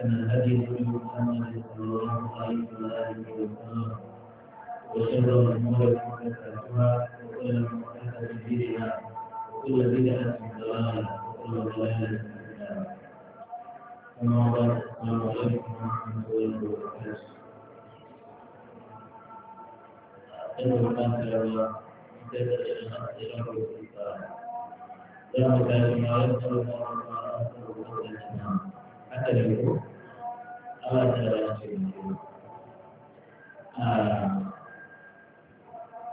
أحسن الهدي هدي محمد صلى الله عليه وسلم وشر الأمور محدثاتها وكل محدثة بدعة وكل بدعة ضلالة وكل ضلالة في النار أما بعد السلام عليكم ورحمة الله وبركاته أدعو الله تعالى إلى الله لا مكان ما يدخل حتى لو هذا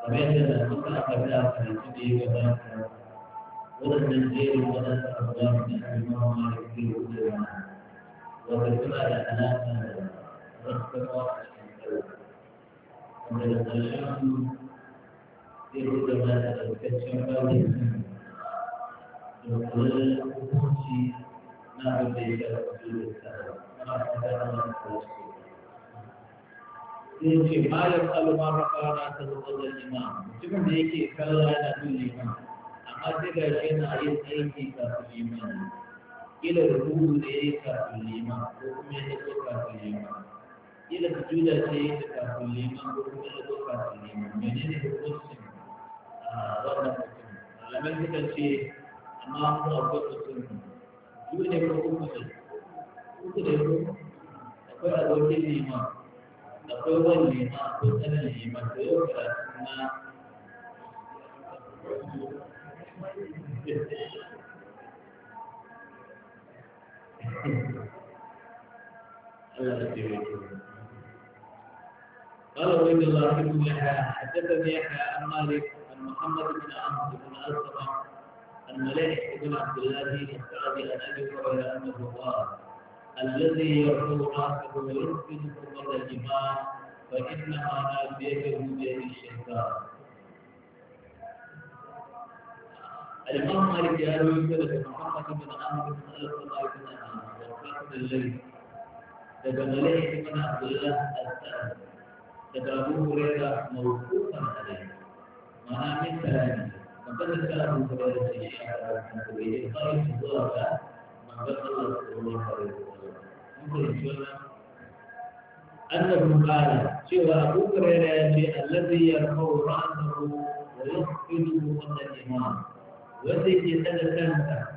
kamar da suka aka da karatu da ya gabata waɗannan jerin waɗansu abubuwan da ake mawa maliki da wucewa wanda suna da alaƙa da wasu kawo a cikin karo wanda da ƙarshen su zai buɗe ma da ɗaukaccen babu sun da kullum hukunci na abin da ya shafi su da tsara sai ba malar kalmar rafara ta zama da imam mutumin da yake kalla yana bin liman amma sai ga shi yana yin aiki kafin liman kila rubutu da ya yi kafin liman ko kuma ya zo kafin liman kila sujuda ce ya yi kafin liman ko kuma ya zo kafin liman mene ne hukuncin ah, wannan mutum malamai suka ce amma ko akwai mutum duk ne ko kuma kuku da yau akwai abokin liman akwai wani liman akwai tsanin liman da yau karatu na قال عبيد الله بن حدثني يحيى عن مالك عن محمد بن عمرو بن اسلم عن مليح بن عبد الله السعدي عن ابي هريره انه قال الذي يرفع راسه ويسجد قبل الإمام فإنها من بيد الشيطان الإمام مالك قال يوسف محمد بن من بن ألف الله بن عمرو وقت الليل تبنى ليه من عبد الله saad daga Abu Hurairah mawqufan alayhi mana min kalami فقد كان متبادل في الشيخ من قال الله تعالى من قبل الله الله عليه وسلم أنه قال سوى أبو هريرة الذي يرفع رأسه ويخفض وسط الإمام وذيك سنة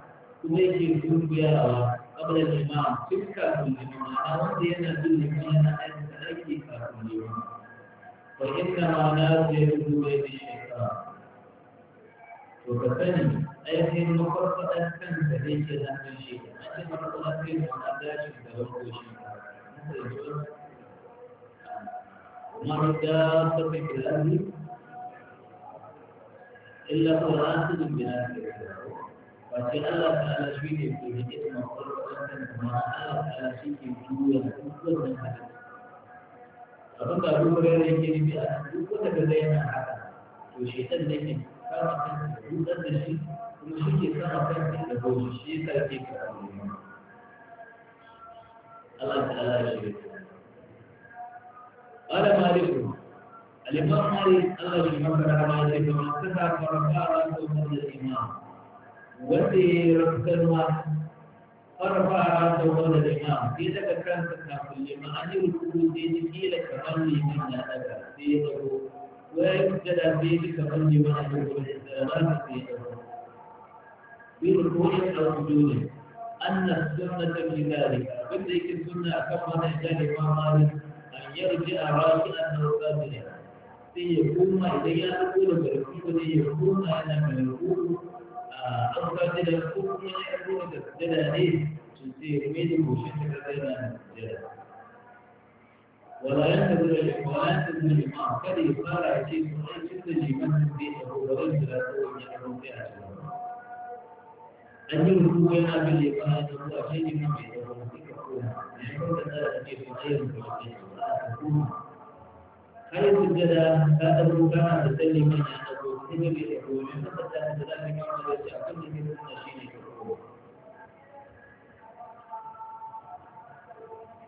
kuma yake dubiyawa kabla imam duk kafin imam ana wanda yana bin imam yana aikata aiki kafin imam wa inna ma na zai rubu bai da shekara to ka sani ainihin mafarfaɗar kanka ne ke nan shekara أي مرة أخير أنا داش بدور شيء ومرة دابة في الأهل إلا هو آخذ من آخر فكي ألف على شيء في اسم القرآن ما ألف على شيء في الدنيا كل من هذا فقد أبو هريرة يجري بها كل بدينا هذا وشيطان لكن كان في الدنيا شيء وشيء كان في الدنيا شيء كان في الدنيا الله تعالى قال مالك الإمام مالك الله يجمعنا على مالك من ارتفع فرفع رأسه الإمام وتي ركن فرفع رأسه قبل الإمام إذا كان تكافل لما أن يركض دينك كمن من هذا في ويبتدى فيه كمن من هذا في ركوع أو سجود أن السنة في ذلك بذلك السنة أكبر إحدى الإمام أن يرجع راجعا أو سيكون سيقوم إليه أقول بالركوع سيقوم أنا من الركوع أو قادرا من يقول بالسجدة عليه سيقوم بوشك كذلك السجدة ولا ينتظر ولا ينتظر الإمام كذا يصارع شيء من أي شيء لمن في أبو ولد لا تقوم يحرم في أجله an yi ruku yana bin da ya da ku a shaidi mai da wani suka koma ya kawai da a ce su ɗaya da wani ba a koma kayan sujjada ka ɗago kana da tsalle mai na ɗago sai ne bai ɗago mai masa ta da za ka kama da shi abin da ke suna shi ne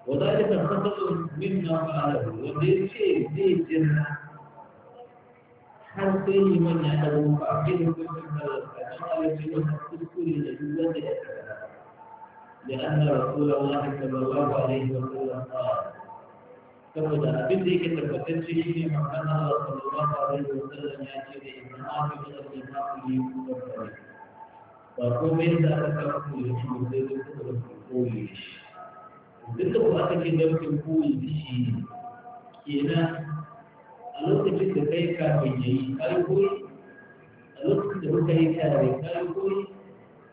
وذلك خطأ مما فعله وليس زي جنة حتى من يعلم فأكيد كنت من الأجمال في الكفر الذي لا لأن رسول الله صلى الله عليه وسلم قال فقد أبدي كتب تنشيه محمد صلى الله عليه وسلم يأتي من آخر الله لي وفري فقوم إذا تكرت لكي يزيد كتب الكفوليش وقلت بأتك دمك الكفوليش كينا ألوك جدتك كافي جيد كالكوي ألوك جدتك كافي كالكوي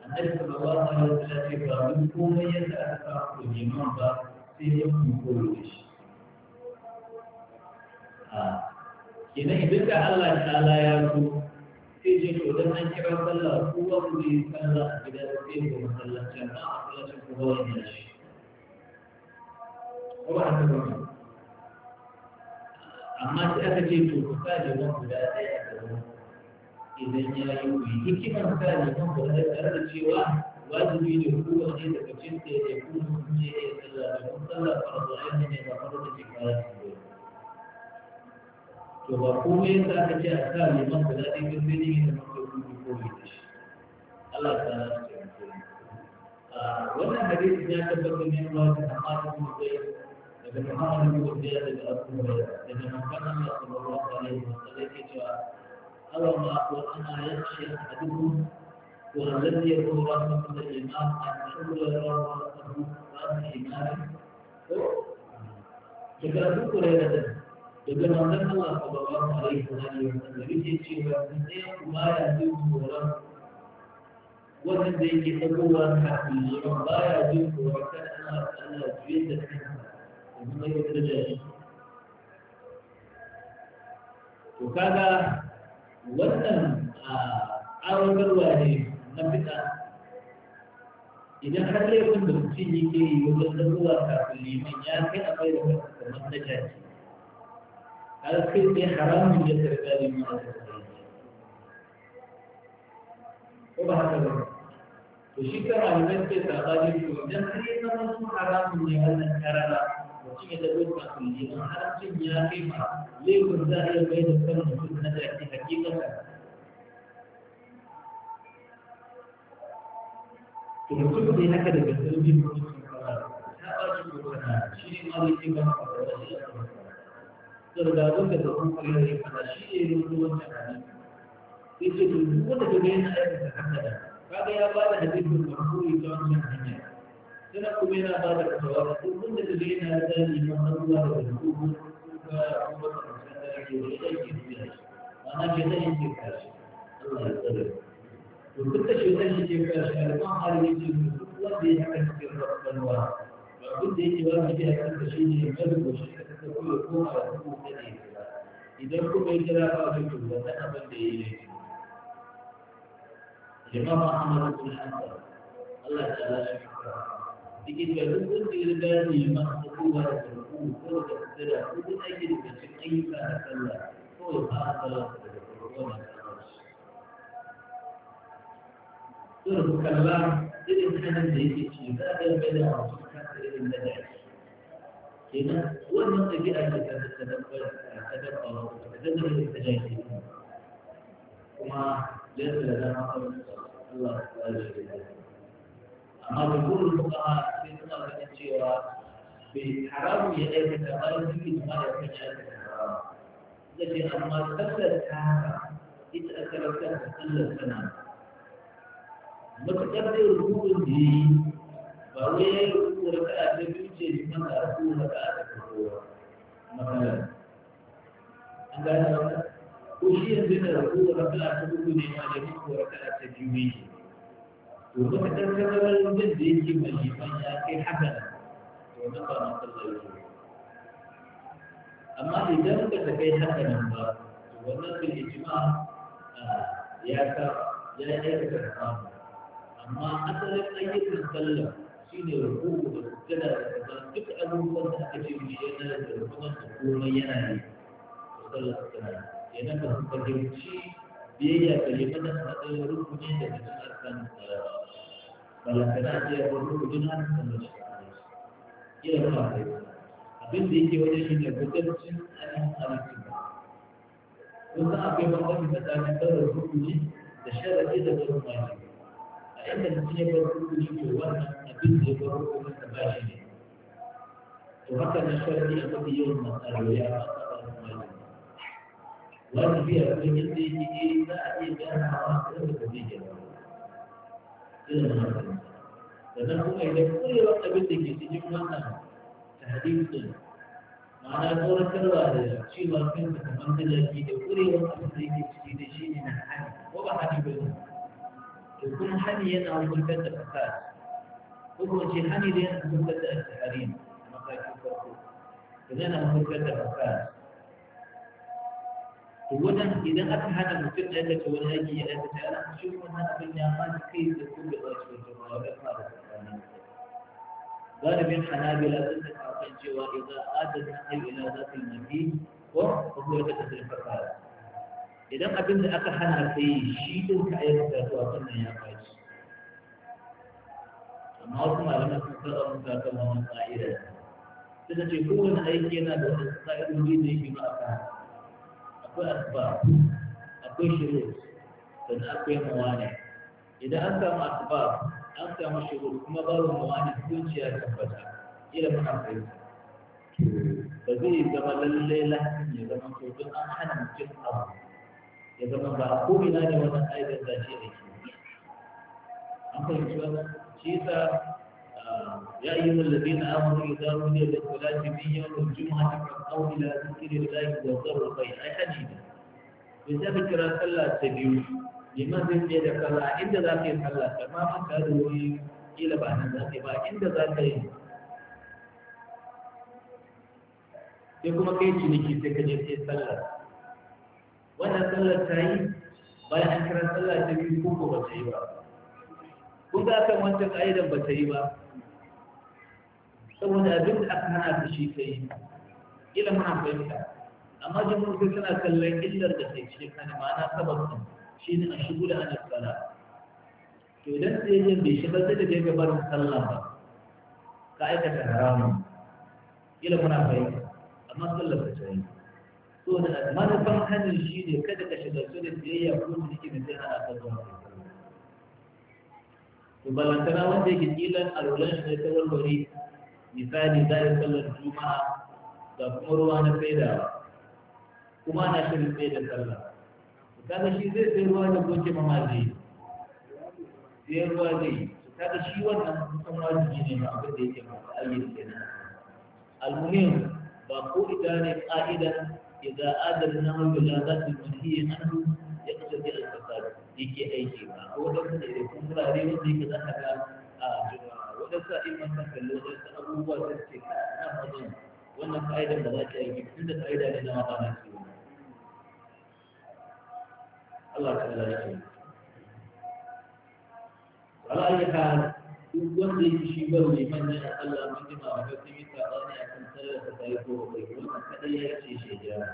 annabi sallallahu alaihi wasallam ce ba mun komai yadda aka kawo ba sai ya kuma da shi a idan da Allah ya zo sai je to dan an kira sallah kowa ku yi sallah a gida sai ko masallacin ba a masallacin kowa ya shi ba haka ba amma sai aka ce to ka da wani guda ɗaya a gaban idan ya yi wuri hikimar sa ne kan kwanar tare da cewa wajibi ne kowace daga cikin da ya kuma mutum ya iya sallah domin sallah farko ne ne ba farko da shekara ta biyu to ba komai yasa aka ce a sa liman guda ɗaya kan sai ne ya zama kai kuma komai da shi Allah ta na shi wannan hadisi ya tabbatar ne ba ta amma kuma sai daga Muhammad bin Abdullah daga Abu Hurairah daga manzon Allah sallallahu ba wasallam yake cewa ألما وأنا يخشى أحدكم والذي يكون رحمة الإمام أن يقول رحمته رحمة إمامه Daga duk kurai da daga manzon Allah sallallahu alaihi wa alihi wa sallam yake cewa sai kuma ya ji tsoron wannan da yake tabowa kafin zuwa baya jin tsoron kada Allah Allah juye da kansa da kuma yadda da shi to kaga wannan arogarwa ne na fita idan har laifin da mutum yake yi wajen zuwa kafin liman ya kai a bai da wasu kamar na jaji har kai sai haramun ya karɓa liman a karɓa ko ba haka ba to shi kan alimai ke saɓa ne to idan har yi zama su haramun ne wannan karara shi ne da wani masu ne don harancin ya kai ma laifin za a iya mai da sanin mutum na da ke hakikata to mutum ne haka daga sirrin mutum kama ta ba shi ko kana shi ne ma zai kama a kawai shi da da abin da ta kuma kare da kana shi ne ruwan tsakani sai ce to duk wanda ke yana aikata haka da kaga ya ba da hadisin da kuma ta wannan hanya فنقوم بنا بعد الحوار وكن لدينا هذان من الله ورسوله فهو الذي يدعي الناس أنا جدعي الناس الله يسلمك وكنت شدني كيف أشهر ما حالي يجب وذي حكمك الرب الواحد وكنت إجواب فيها كنت شيء يملك وشيء تقول كون على حقوق كثيرة إذا كنت إجراء فأبيكم وأنا بلدي إليكم الإمام أحمد بن حنبل الله تعالى شكرا cikin garin sun ce da gane masu kowa da karku ko da tsira ko da ake da cikin ayyuka da sallah ko da ba a sallah da karkuwa da karkuwa. Sun kalla irin kanan da yake ci za a yi gada a wasu kasa irin na daji. Kenan wannan ɗabi'a ce ta sadakar ta dabba ta dabba da ta daji. Kuma yadda da zama Allah ya shi da أو يقول الفقهاء في مسألة التجارة بحرام يغير التجارة في مسألة التجارة التي أما تفسد هذا يتأثر بها كل السنة متقدر هو دي بغير ركعات الفجر من أقول ركعات الظهور مثلا أنا أشير بين الركوع ركعات الظهور وركعات الجمعة to duka ɗan jin da yake mai ya kai hakan to ba na sallar amma idan ka ta kai hakanan ba to wannan bil ijma ya ka ya aikata haramu amma asalin ayyukan sallah shine ruku da sujjada da kaza duk abubuwan da aka ce mai yana da rukunan da komai yana ne to sallah tana yana ka fahimci biyayya ga limanin matsayin rukuni da cikin arkanin sallah balantana a iya wani kudin hannun da mace iya zuwa kai abin da yake wajen shi ne gudancin ainihin halittu kun san akwai bambanci tsakanin ɗaura rukuji da sharaɗi da ɗaura maji a inda mutum ya bar rukuji to wannan abin da ya bar rukunin da ba shi ne to haka na sharaɗi a mafi yawan matsaloli a matsalar maji wani biya kuma yadda yake za a iya ganawa a ƙarfafa zai gyara irin wannan sannan kuma idan kurewar abin da ke cikin wannan tahdid din ma'ana tsoratarwa da cewa kanka kamar da lafi da kurewar abin da yake ciki da shi ne na hani ko ba hani ba ne to kuma hani yana hukuntar da fasad ko kuma ce hani da yana hukuntar da alfaharin a matakin farko to yana hukuntar da fasad to wannan idan aka hana mutum aikata wani aiki ya aikata ana shi wannan abin ya fata kai da ko da ba shi wata ba wai fara tsakanin galibin hanabila sun ta kan cewa idan adana hayyu ila zatil nabi ko ko ko ta tafi fara idan abin da aka hana kai shi din ka aikata to wannan ya faci amma wasu malaman sun tsara mun ta kan wannan ka'ida suka ce kowane aiki yana da wani ka'idoji da yake ba a kan akwai asbab akwai shirut sannan akwai mawani idan an samu asbab an samu shirut kuma babu mawani zuciya tabbata ila mun amfani ba zai zama lallai lahin ya zama to don an hana mutum abu ya zama ba ko ina ne wannan aibin zace da ke an fahimci wannan shi yasa يا أيها الذين آمنوا إذا نودي للصلاة من يوم الجمعة فاسعوا إلى ذكر الله وذروا البيع أي حديث بذكر صلاة تبيو لما تنجي لك الله عند ذاك الصلاة ما من كانوا إلى بعد ذاك با عند ذاك sai kuma kai ciniki sai ka je sai sallar wannan sallar ta yi bayan an kira sallar ta biyu ko ba ta yi ba kun ga kan wancan ka'idan ba ta yi ba saboda abin da aka hana ta shi kai ila muna fahimta amma jimurka suna kallon illar da ta ce kan ma'ana sababin shi ne a shigo da ana tsara to idan sai yin bai shigar da daga gabarin sallah ba ka aikata haramun ila muna fahimta amma sallar ta ce so da manufan hannun shi ne kada ka shigar su da biyayya ko su ke da zai hana ka zuwa to ballantana wanda yake kilan a rolan shi ne ta warware misali zai sallar juma'a da kuma ruwa na saidawa kuma na shirin sai da sallah kaga shi zai sai ruwa da goke mama zai sai ruwa zai kaga shi wannan kusan wajibi ne abin da yake masa ayyuka kenan almuhim ba ko ita ne ka'idan idza adalna wa biladatul manhiya anhu ya kace al-fasad yake aiki ba ko da kuma da kuma wurare wanda yake zaka ga a waɗansu a iman kan kallo waɗansu abubuwa da suke na hazon wannan ƙa'idar da za ta yi tun da ƙa'ida ne na haɗa na ciwo Allah ta lafi ala ayi hal duk wanda yake shi ba mai manyan Allah mun ji ma ga sun yi sabani a kan sallar ta kai ko kai wannan kadai ya ce shi jira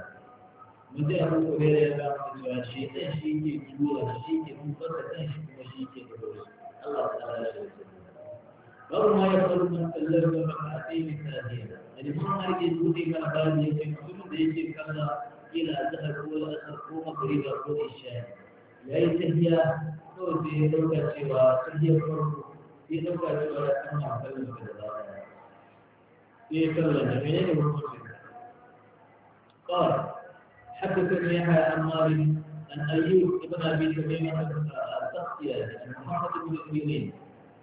mun ji abu ko da ya ga mun cewa shi dan shi ke juwa shi ke mun fara kan shi kuma shi ke da Allah ta lafi قبل ما يدخل المسلم فقعتين ثانية الإمام مالك يقول كان قال لي في محمد ليش كان إلى أذهب ولا أسرقوما قريبا قول الشاي لأي تهيا قول في دوكا سوى تهيا قرب في دوكا سوى لا تمنع فلم في كلا جميعين قال حدثني يحيى عن مالك عن أيوب بن أبي تميم السختياني عن محمد بن المؤمنين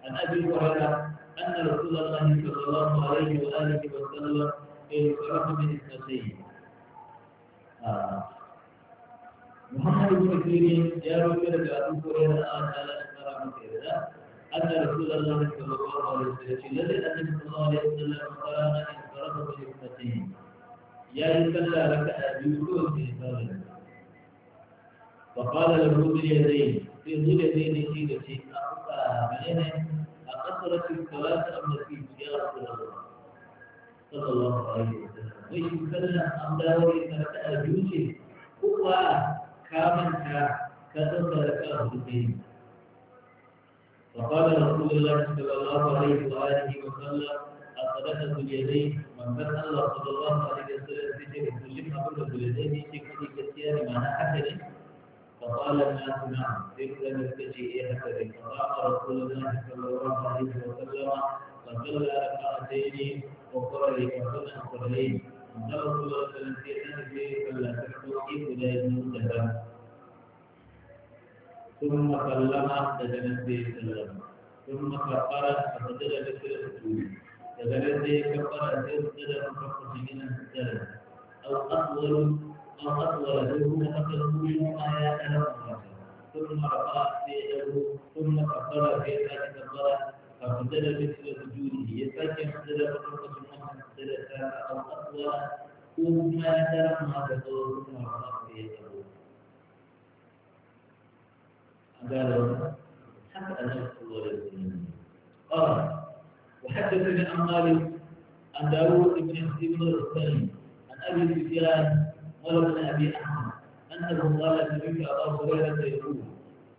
عن أبي هريرة أن رسول الله صلى الله عليه وآله وسلم انصرف من اثنتين محمد بن كثير يا رب أبو هريرة أن لا أشترى من كذا أن رسول الله صلى الله عليه وسلم الذي أن صلى الله عليه وسلم قال أن انصرف من اثنتين يا يسلى لك أبي هريرة فقال له باليدين اليدين في ظل اليدين في شيء علينا أكثرت الثواب أم نسيت يا رسول الله صلى الله عليه وسلم وإيش مثلنا أم داوي سنة أجوشي هو كامن كا كثر لك أهدين وقال رسول الله صلى الله عليه وآله وسلم الصدقة اليدين من بس الله صلى الله عليه وسلم في جهة كل أبدا باليدين في كل كثير ما نحكي فقال الناس نعم مثل مستجيئته فقام رسول الله صلى الله عليه وسلم فصلى ركعتين وقرئ فصلى قرئين فقال رسول الله صلى الله عليه وسلم في فلا تحكي إلى المنتهى ثم النبي صلى الله عليه وسلم ثم كفر فسجد مثل السجود دجنت به كفر فسجد فقط من السجد أو أفضل فقد ولده فقدوا منه آيات لهم ثم رفع في ثم قدر في ذلك الضرر فقدر مثل وجوده يسجد قدر فقدر منه قدر أو أطول ثم لما تدور ثم رفع في يده قالوا حتى أنا أقول قال وحدثني عن مالك عن داوود بن حسين الثاني عن ابي سفيان قال ابن أبي أحمد أنه قال بك أبا هريرة يقول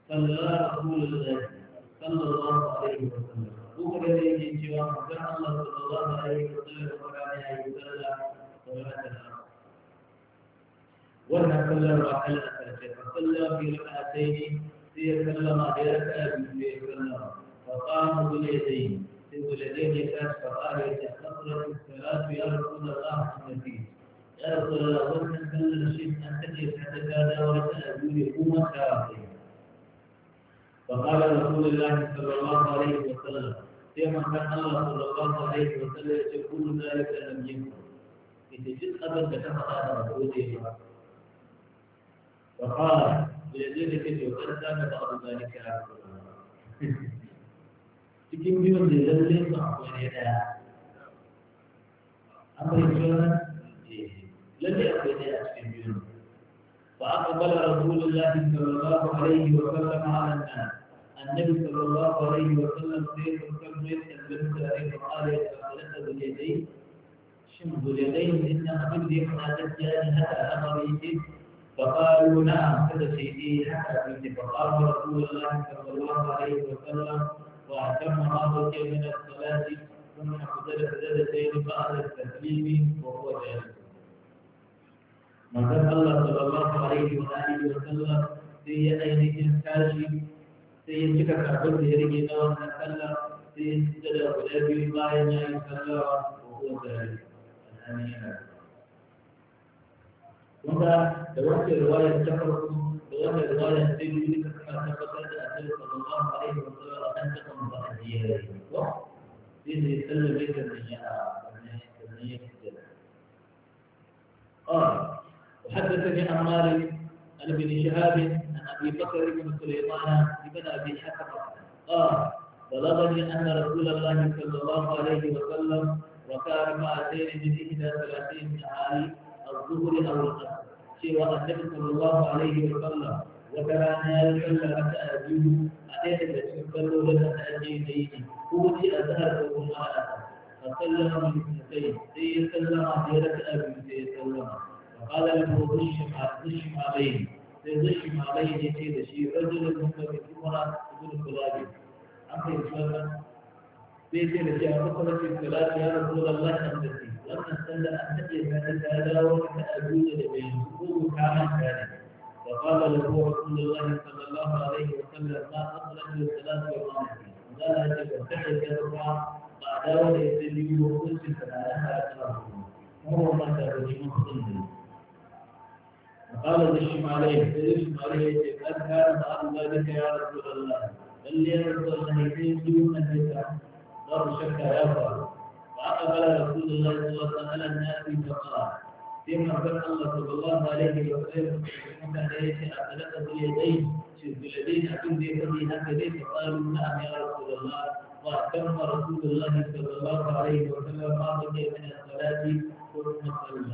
صلى رسول الله صلى الله عليه وسلم وقال لي جوا كان الله صلى الله عليه وسلم وكان يصلى صلاة العصر ولا صلى على أثرته فصلى في ركعتين سيسلم بركعة سيسلم فقام باليدين ذو اليدين يكاد فقال يتكثرت الصلاة يا رسول الله فقال رسول الله صلى الله عليه وسلم كما كان الله صلى الله عليه وسلم يقول ذلك لم يكن إذا جد أبدا كفر هذا فقال بيزيد كده وقد كان بعض ذلك cikin biyun da lalle su akwai ne daya an bai biyun lalle akwai ne a cikin biyun fa aka bala rasulullahi sallallahu alaihi wa sallam ala nas النبي صلى الله عليه وسلم سيد الكبير تلبسه عليه وقال يتفلسه باليدين شمس اليدين إنما بدي حاجتان هذا أمري فقالوا نعم هذا سيدي حتى فقال رسول الله صلى الله عليه وسلم واعتم رابط من الصلاة ثم اختلف زادتين بعد التسليم وهو جالس من الله صلى الله عليه وآله وسلم في يديه الكاشف sai ya cika karfin da ya rage na wannan sallah sai ya cika da guda biyu bayan ya yi sallah ko kuma sarari alhali yana kuma da wancan ruwayar ta farko da wannan ruwayar ta biyu duka suna tabbatar da annabi sallallahu alaihi wa sallam an taka masa ajiya da yi ko sai da ya sallame ta da ya sannan ya sujjada قال وحدثني عن مالك عن ابن شهاب أبي بكر بن سليمان بن أبي حكم قال بلغني أن رسول الله صلى الله عليه وسلم وكان ركعتين من إحدى ثلاثين من عالي الظهر أو العصر سوى النبي صلى الله عليه وسلم وكان يجعل ركعة أبيه أتيت التي يصلوا لنا أجيبين قوتي أزهر وهم آلة فسلم اثنتين سيسلم على أبي سيسلم وقال له الشمالين sai zai shi malai ne ce da shi rajulun mutane umara ibn kulabi an kai sunan sai ce da shi a kwakwalwar kulabi ya rasu da Allah ta tafi wannan sanda an taɓe ta ta dawo ta abuja da bai ko kama ta ne فقال له رسول الله صلى الله عليه وسلم ما أطلق الصلاة والله ya أجب تحت يرفع قال وليس لي وقلت فلا أهل أكرمه وهو ما ترجم الصندوق قال للشمالين للشمالين قد كان بعض ذلك يا رسول الله اللي يرسل يا رسول دون النساء قال شك يا فاضل فأقبل رسول الله صلى الله عليه وسلم على الناس فقال فيما قال الله صلى الله عليه وسلم كنت عليه أثلث اليدين شد اليدين أكن بيدي هكذا فقالوا نعم يا رسول الله وأتم رسول الله صلى الله عليه وسلم ما بقي من الصلاة عليه صلى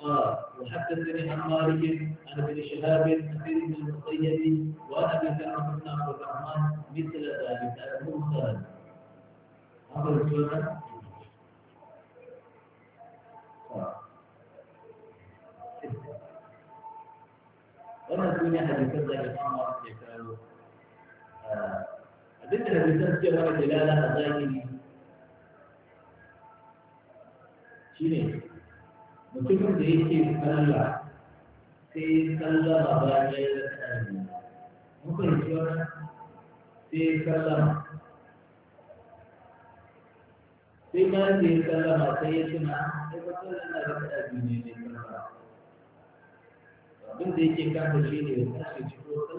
قال وحدثني عن مالك عن ابن شهاب كثير بن المسيب وابي كعب عبد الرحمن مثل ذلك المرسل هذا الجمل wannan sun yi hadisan da imam Malik ya kawo a duk da hadisan suke mana dalala mutumin da yake sallah sai sallama bayan ya tsari muka yi cewa sai sallama sai bayan da ya ma sai ya tuna sai ba na da tsari ne ne sallama abin da yake kafa shi ne ya tashi cikin ko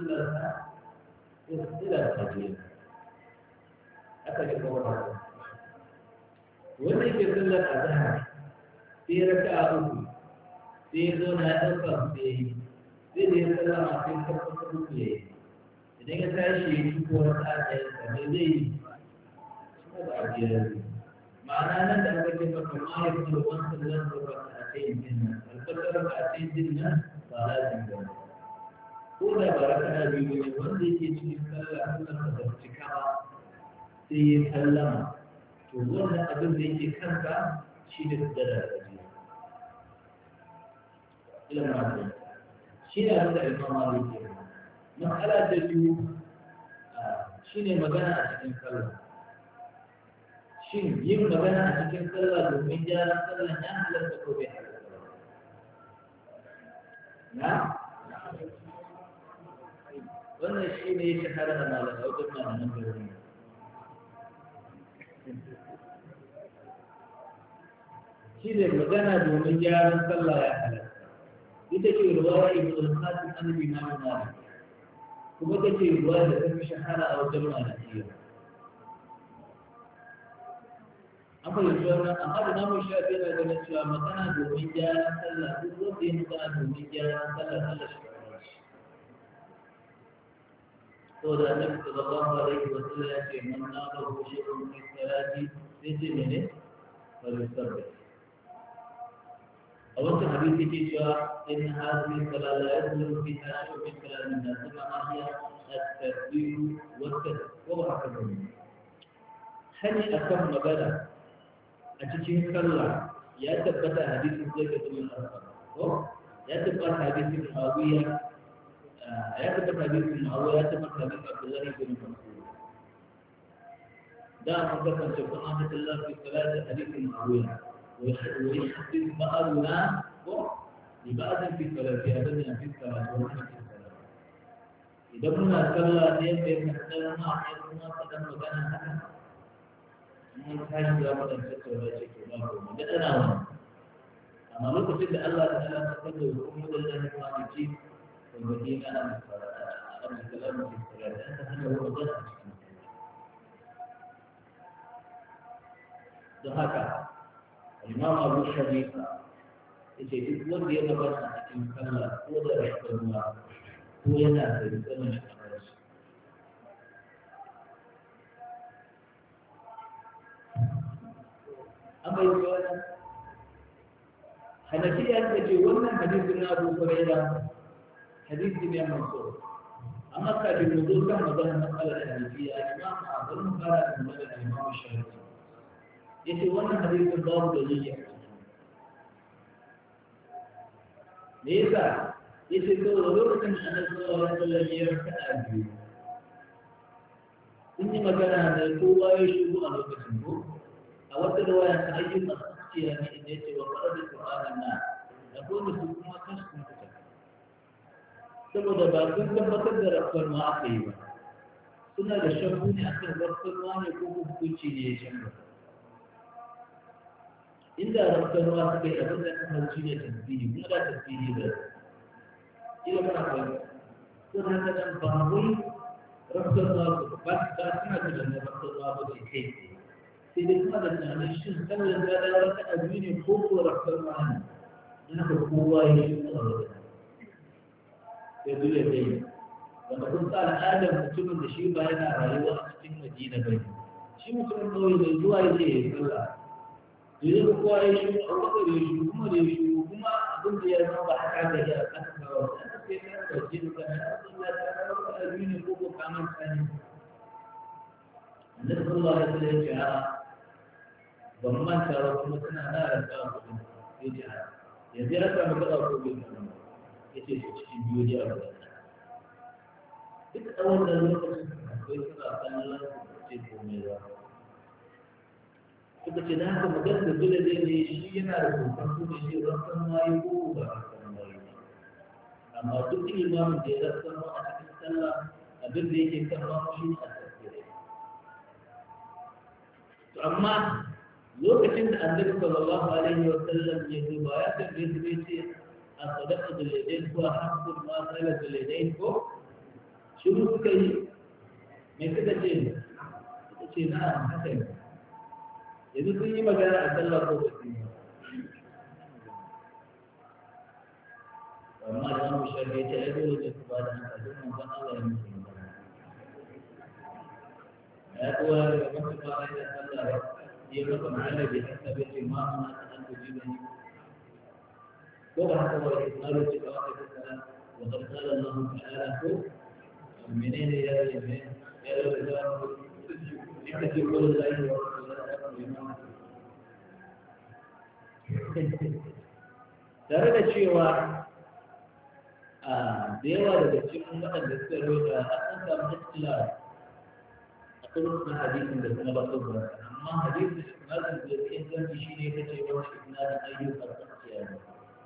ya tsira tsaje aka ji kawai wanda yake sallar a zahari sai raka a uku sai ya zauna ya ɗauka sai ya yi sai da ya sallama sai farko ta uku ya yi idan ya tashi ya ci ko wata a ya sa zai yi kuma ba a jira zai ma'ana nan da aka ce maka ma ya fi wani sallan da ba a kai jinna alfatar ba a kai jinna ba a lafin ba ko da ba raka na biyu ne wanda yake cikin sallah sallah ba ta cika ba sai ya sallama to wannan abin da yake kanka shi da sujada da إلى المغرب شنو هذا الإمام مسألة تجو آه، شنو مجانا أشكين كلام شنو يم مجانا أشكين كلا من جارا كلام نعم لا تكوبي نعم wannan shi ne هذا shahara da malamai wajen malaman birni shi ne magana domin gyaran sallah ya halatta ita ce ruwa ibn al-qasim an bi na malik kuma ta ce ruwa da ta fi shahara a wajen malikiya amma yanzu wannan amma da namun shafi yana ganin cewa magana domin gyaran sallah duk wanda ya magana domin gyaran sallah sallah shi saboda annabi sallallahu alaihi wa sallam ya ce man naba hu shay'un fi salati sai ce mene fa yusabbih أو أنت حديث تجوا إن هذه الصلاة لا يدخل في شيء من كلام الناس ما هي التكبير والتسبيح وهكذا هل أكم مبلغ أتجه كلا يا هذه حديث زيد بن الأسود يا تبت حديث معاوية آه، يا تبت حديث معاوية يا تبت حديث عبد الله بن مسعود ده أنت كنت تقول الله في ثلاثة حديث معاوية ويحدث بعضنا لبعض في الصلاة في أبدنا في الصلاة ونحن في الصلاة إذا كنا صلى أيام بين أحدنا أحدنا قدم وكان هذا من كان يقول أن تسوى لا شيء ولا قوة ده أنا وأنا أما لو كنت الله تعالى تقول الأمور التي ما تجيب والمدينة أم الصلاة أم الكلام في الصلاة أنت هنا هو ضد don haka الإمام أبو حنيفة يجي duk wanda ya gaba a cikin sallah ko da rashin ruwa ko yana da tsanin shi amma yau wani hanafi ya ce wannan hadisin na abu huraira hadisi ne mansur amma kafin mu zo kan maganar matsalar hanafiya imam a bari mu fara da maganar imam shafi'i yace wannan hadisin babu da zuciya me yasa yace to lokacin da annabi sallallahu alaihi wasallam ya raka'a biyu in yi magana da kowa ya shigo a lokacin ko a wata da waya ta ayyukan masu ciya ne inda yace wa qara'atul qur'ana na da kuma su kuma kan su kuma saboda ba sun tabbatar da rafkar ma aka yi ba suna da shakku ne akan rafkar ma ne ko hukunci ne ya canza inda rabbanwa suka yi abin da kan shi ne tasbihi kuma da tasbihi da ila kana kai don haka dan ba wai rabbanwa ba ba suna tunanin rabbanwa ba ce kai sai dai kuma da tunanin shin saboda ta da wata azumi ne ko ko rabbanwa ne na ka kowa ya shi a wajen sai dole sai wanda kun sa al'adar mutumin da shi ba yana rayuwa a cikin madina ba shi mutumin kawai da zuwa ya je ya yi sallah yanzu kowa ya shi abubakar ya shi kuma da shi kuma abin da ya zama ba haka da ya aka kawo da aka sai ta da kan ta kawo da ne ko ko kamar tsani da Allah ya ce ya ce a ban manta ba kuma tana da rasa abin ya ce a yanzu ya samu kaɗa ko bai samu ya ce cikin biyu da ya duk a wannan lokacin akwai suna kallon ce komai ba suka ce na haka magan da dole ne ne shi yana da kokon kuma shi rassan wayo ko ba rassan wayo amma duk imamin da ya rassan wa a cikin sallah abin da yake kan ma shi a tafsirai to amma lokacin da annabi sallallahu alaihi wa sallam ya zo ba ya tambaye su bai ce a sadaka da ladain ko a hakkun ma sadaka da ladain ko shi shiru suka yi me suka ce suka ce na'am haka ne yanzu sun yi magana a sallar ko ba amma da an bushe ga ita ai dole ne ku ba da haka duk mun san Allah ya musu ya kuwa da mutum ba a yi sallah ba ya maka ma'ana bai hasa bai ce ma ana ta an guji ba ne ko ba haka ba ya tsaro ce ba wata kasara wa kasara Allah ta'ala ko menene ya yi ne ya yi da في قول الله tare da cewa a da yawa daga cikin waɗanda suka roƙa an samu ikhtilaf a kullum na hadisin da kuma ba saboda amma hadisin isnadin da ya inganci shi ne kace wani isnadin ayyukan tsakiya ne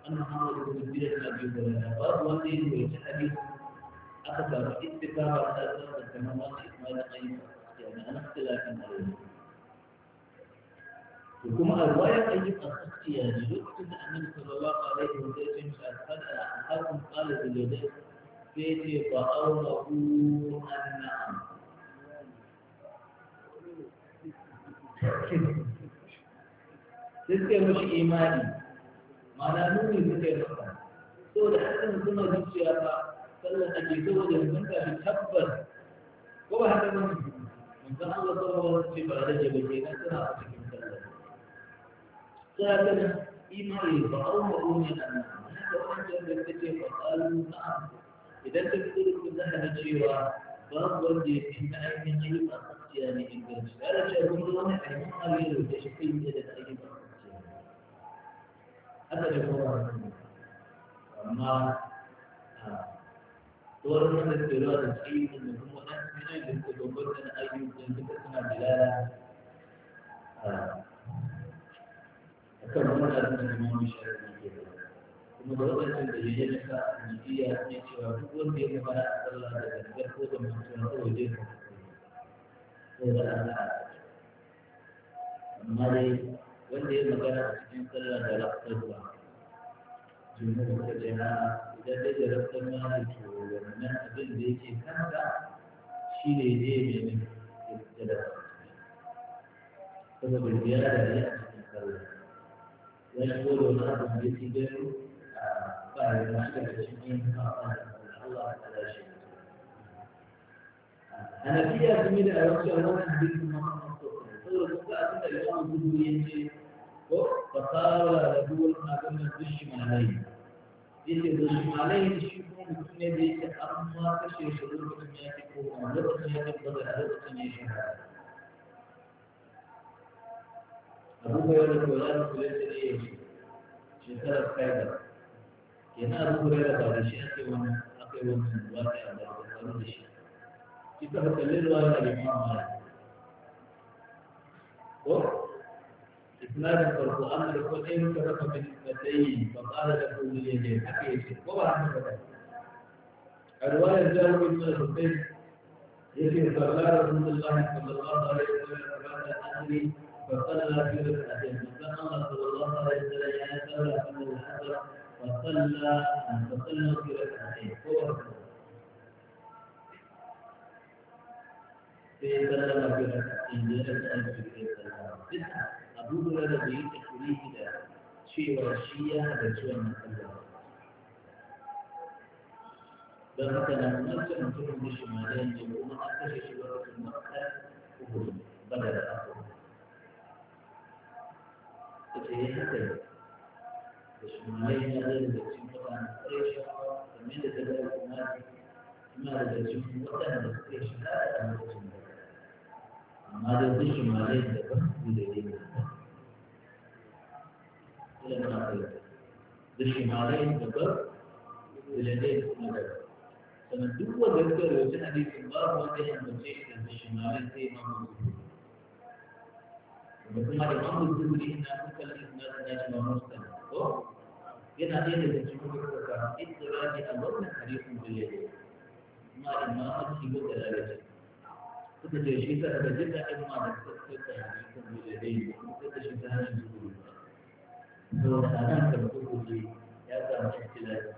an Muhammadu bin Bidan na biyu da rana babu wanda ya roƙi hadisin aka samu ittifa ba ta zama kamar wani isnadin ayyukan على اختلاف الرواية وكما الرواية أيضا اختيار لقد النبي صلى الله عليه وسلم قد أحدهم قال لليدين كيف فأوره النعم suke mashi imani mana nuni suke masa saboda hakan suna zuciya ba sallan ake saboda sun tafi tabbas ko ba haka ba manzon Allah sallallahu alaihi wasallam ba rage ba ke nan tana a cikin sallah sakanin imani ba auma ummi nan da wannan da kace fa qalu na'am idan ka fito da kun zaka cewa babu wanda ya fi na aikin yi ba tsakiya ne inganci ya da cewa kun wani aikin alheri da shi kai ne da aikin ba tsakiya haka ah, da kowa amma tsoron da ke da tsakiya da kuma ne da suka gabata na da duka suna bilala a kan wanda da neman shari'a ke kuma da wadannan da yayin da ka niyya ne cewa duk wanda ya gaba a sallah da gangar ko da mutum ko waje ko ko da Allah amma dai wanda ya magana a cikin sallah da rafa'a jumu'a da jama'a idan dai da rafa'a ne to wannan abin da yake kanta shi ne ya je mai ne ya da kuma gurbiya da ne a cikin sallah ya yi na abin da ke gano a bayan na daga cikin kawai da Allah ta lashe hanafiya game da arabci a wannan hadisin na Muhammad saboda kuka a cikin da ya ce ko fasara da duwar abin da shi mana yake da shi alayhi shi kuma mutum ne da yake an ma kashe shi lokacin ya ko kuma lokacin ya ko da lokacin ya shi abu ko yana ko yana ko yana da yake shekara kaida yana abu ko yana ba da shi ake wannan ake wannan wata da ba da shi kita kallon wani da imam malik ko ما ذكرت أنا لكل أي كرف بالنسبتين فقال له لليدين حكيت وبعد ذلك الرواية جاءوا من الحسين يجي صلى رسول الله صلى الله عليه وسلم بعد أهلي فصلى في ركعتين فصلى صلى الله عليه وسلم يعني صلى في العصر وصلى فصلى في ركعتين في سلم في ركعتين ليس أن في سلم dubu da da yi tafiye da cewa shi ya halarci wannan Allah don haka na wancan mutumin da shi ma da yanzu kuma an kashe shi ba wasu maka uku ba da aku ta ce ya haka da shi ma ya yi da da cikin mutane kare shi kamar da ta gaba kuma suna da da cikin mutane da suke shiga a lokacin da amma da shi ma da yanzu ba su da yi إلى مناطقه بالشمالين ذكر باليدين مدد فمن دوا ذكر يوجد حديث الله وجه المشيخ بالشمالين في إمام مثل ما الإمام الزهري هنا كل الناس ناس ما مستمع ينا دين الجمهور كفار إدراج أمر حديث باليدين ما الإمام الشيخ دلالته فكذا شيء فهذا جدا إمام الزهري باليدين فكذا شيء فهذا saboda a nan ka mutu gobe ya samu ikhtilafi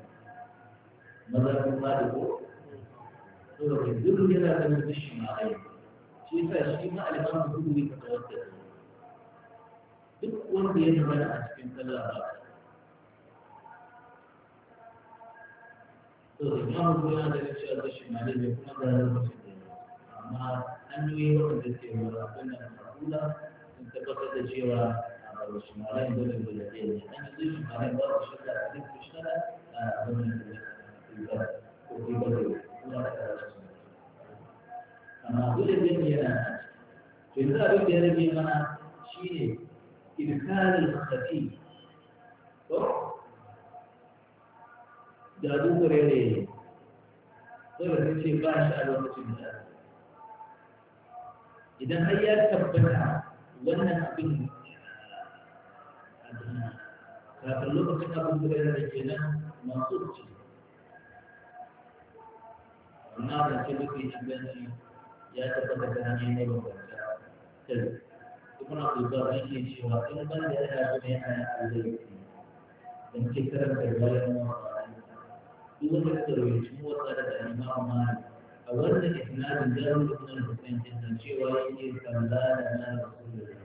maza kun ba da ko saboda duk yana ganin duk shi ma ai shi yasa shi ma aliman ku gobe ka tawakkal duk wanda ya zama a cikin sallah ba saboda imamu ko yana ganin cewa duk shi ma ne kuma da lokacin da amma hanyoyi wanda ke wura wannan kula sun tabbatar da cewa والشمالين دول البلدين يعني في شمالين برا شتى عليك في الشتاء ضمن البلد وفي بلد أما أقول لك أنا جزاء الجانبي أنا شيء إدخال الخفي جادو كريري طيب هذا باش على وقت إذا هي ثبتها وأنا أبين kafin lokacin abin da yana da ke nan masu ci amma da ce mafi inganci ya tabbata da hanyar ne mabambanta sai kuma na kuzuwa ne ke cewa in ban da ya shafi ne a yanzu da yake don ke karanta bayan mawa duk wanda suka rubuci motsa da imamu mali a wannan isnadin jarum ibn al-husayn din cewa yake sallah da na rasulullahi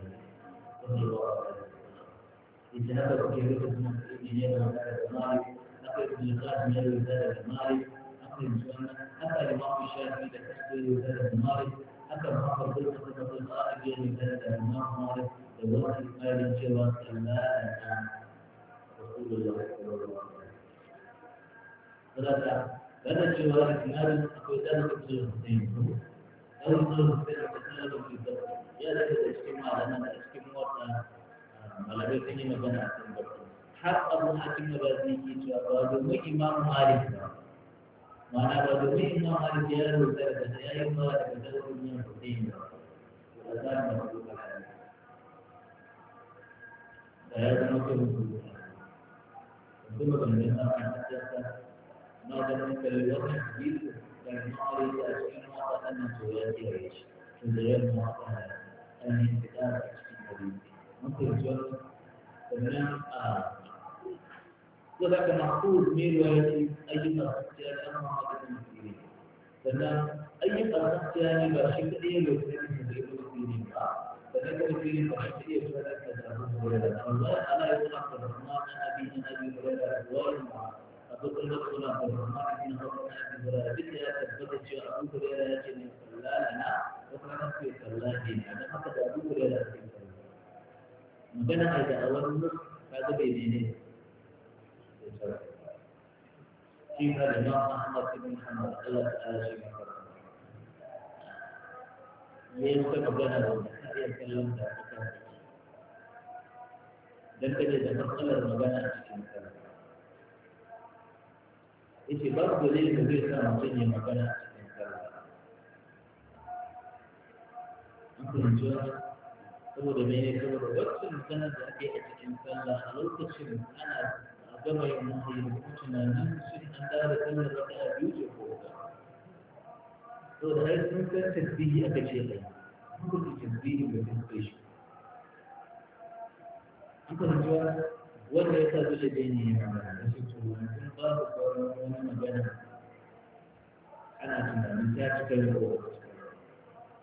sallallahu alaihi wasallam يتنبأ كيفية من الإبن يد وزارة المالك نقل ابن القاسم يد وزارة المالك نقل مسلم حتى الإمام الشافعي لتشكيل وزارة المالك حتى محمد بن قصة الغائب يد وزارة الإمام مالك لوقت إسماعيل الجواد إلا الآن رسول الله صلى الله عليه وسلم بدأت جوارة مالك أقول ذلك ابن الحسين أو ابن الحسين تسلل في الدولة يا ذلك الاجتماع لنا الاجتماع malamai sun yi magana a kan barci har abu hakim ba zai ke cewa ba domin imam malik ba ma'ana ba domin imam malik ya rubuta da ta yayi ba da ta zama yin hussein ba ba za mu ba da ya zama kan rubuta yanzu ba ban yana a hajjata na ganin kalli wannan hadisi da ma'ari da cikin waɗannan soyayya ce da shi tun da yamma ana an yi fita cikin hadisi muke jiyon sannan a so da ka maƙul ne ruwayaci ayyukan gaskiya da an mama da musulmi sannan ayyukan gaskiya ne ba shi kaɗai ya lokacin da zai kuma musulmi ba sannan kuma musulmi ba shi kaɗai ya fi da ka zaɓi gore da na wanda ana yi wani abu da kuma na abi na abi gore da ruwayar ma a dukkan lokacin da kuma na abi na abu na abi gore da duk ya tabbata cewa abu gore ya ce ne sallana na kuma na ce sallana ne a don haka da abu gore da ake magana a da'awar nan ta zube ne ne shi ka da nan ahmad ibn hamad allah ta'ala shi ma ya yi ta magana da wani iya kallon da ta dan kaje da matsalar magana a cikin kallon yace babu dalilin da zai sa mutum ya magana a cikin kallon an fahimci saboda mene saboda wacce maganar da ake a cikin sallah a lokacin ana gama yin wahayi da kuma tunanin shi an dawo da sallar raka a biyu ce ko wata saboda ai sun san tasbihi aka ce kai kuma su tasbihi ba sun kai shi an fahimta wanda ya sa zuciya bai ne ya magana da shi to sun ba su sauran wani magana ana tunanin ta cika yin kowace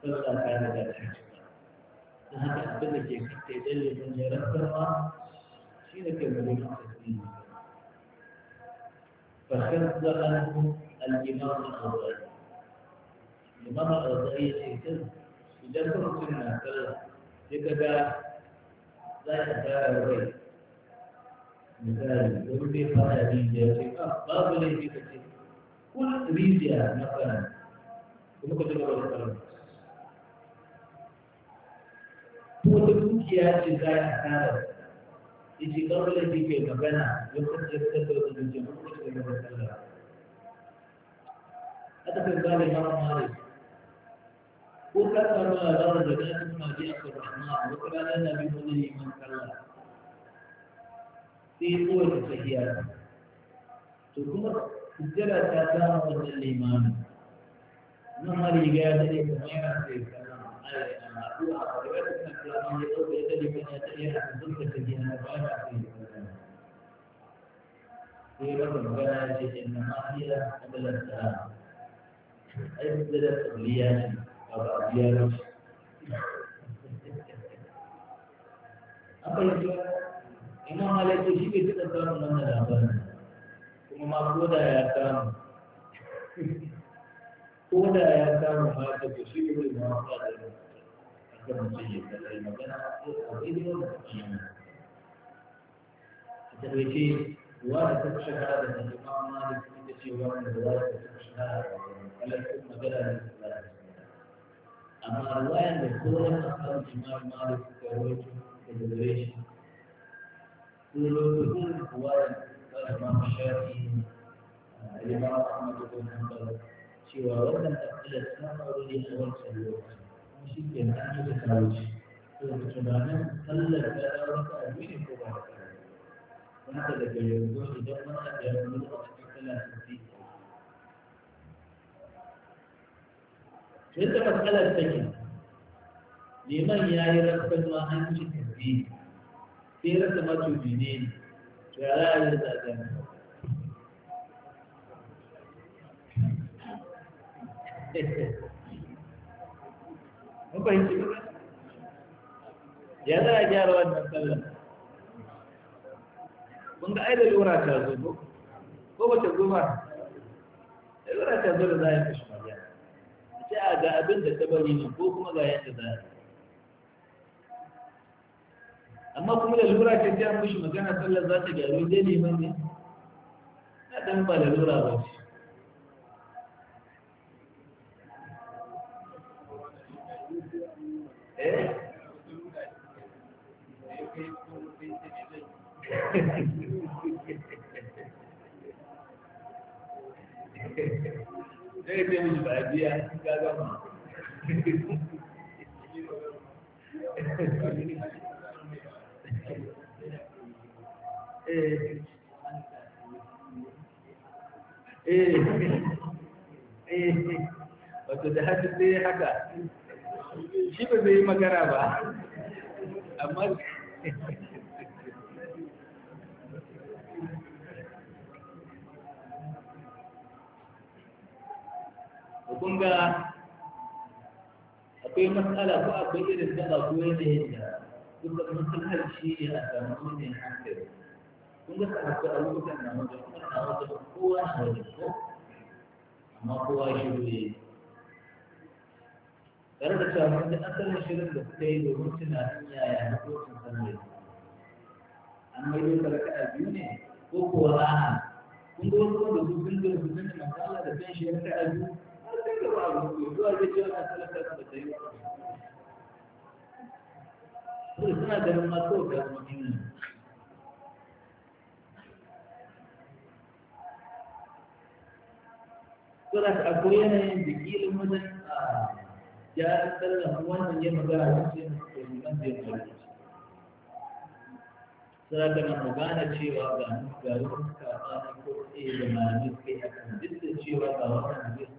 sallah ta riga ta cika da haka abin da ke kanta ya dalle don ya rantarwa shi ne kai mai rikin tasiri fakar da hannu al'imam da azari imam da azari ya ce kan idan kuma mutum na kala sai ka ga za ka tara rai misali wani zai fara rijiya ce ah babu laifi ka ce kun rijiya na fara kuma ka ci gaba da karanta wata dukiya ce za ta tara yace kawai da ke magana lokacin da ta da zuciya mutum da ya sallah haka kan gane mara mare ko ka samu labarin da ɗan suna ji a kurrama a wata rana na bi wani liman sallah sai tsohon da tahiya to kuma kujjara ta kama wannan limanin nan har riga ya daɗe kamar yana sai أقول أقول أنك لما يقول يدري من يتليها من ضمن الذين أبعاد في في رب بلاجه إنما هي أبلتها أبلت أبلياني أو أبلياني apa itu? Imam Malik itu kita tahu mana apa. Cuma maklumat ya kan. ko da ya samu haka da shi ne na wata da ya aka mutum ya kalli magana ko a ido da kiyama da bai ce wa da ta shahara da ta imam malik ita ce wanda da za ta shahara da alaƙin magana da ta amma ruwayan da kowa ta kan imam malik ta rawaito da ko lokacin ruwayan da imam shafi imam ahmad ibn hanbal cewa wannan tafiya ta faru ne a wancan lokaci kuma shi ke na an yi ta wuce saboda tunanin sallar da ya rasa a biyu ko ba ta kuma ta daga yanzu idan wani abu ya zama a cikin sallar ta fi yadda matsalar take liman ya yi rafin ma an ci tafi sai rasa matubi ne to ya ra'ayi da zaɓen mun ya za a gyara wannan sallar kun ga aida lura ta zo ko ko ba ta zo ba lura ta zo da za a yi kashi magana ce a ga abin da tabari ne ko kuma ga yadda za a yi amma kuma da lura ta ta mushi magana sallar za ta gyaru zai neman ne na ɗan ba da lura ba ce zai ce mishi ba biya ga gama eh. Eh. Eh. wato da haka sai haka shi ba zai yi magana ba amma kun ga akwai matsala ko akwai irin da ko yanayin da duka matsalar shi ne a samu wani hankali kun ga sa akwai abubuwan na wajen kuma na wajen kowa na wajen ko amma kowa shi ne tare da cewa mun an asalin shirin da suka yi domin tunanin yaya na kotun sannan an mai yi karka a biyu ne ko kuwa a'a kun ga wasu da su sun da su sun da kan shi ya ka a biyu da ba abu ko zuwa zai ce wannan talaka da ta yi su suna ganin ma kawai ga mutum saboda ka akwai yanayin da kilin wajen ya tsarra wannan ya magana wajen da zai faru za na magana cewa ga ga wani kafa na ko tsaye da malamin kai akan duk cewa ga wannan zai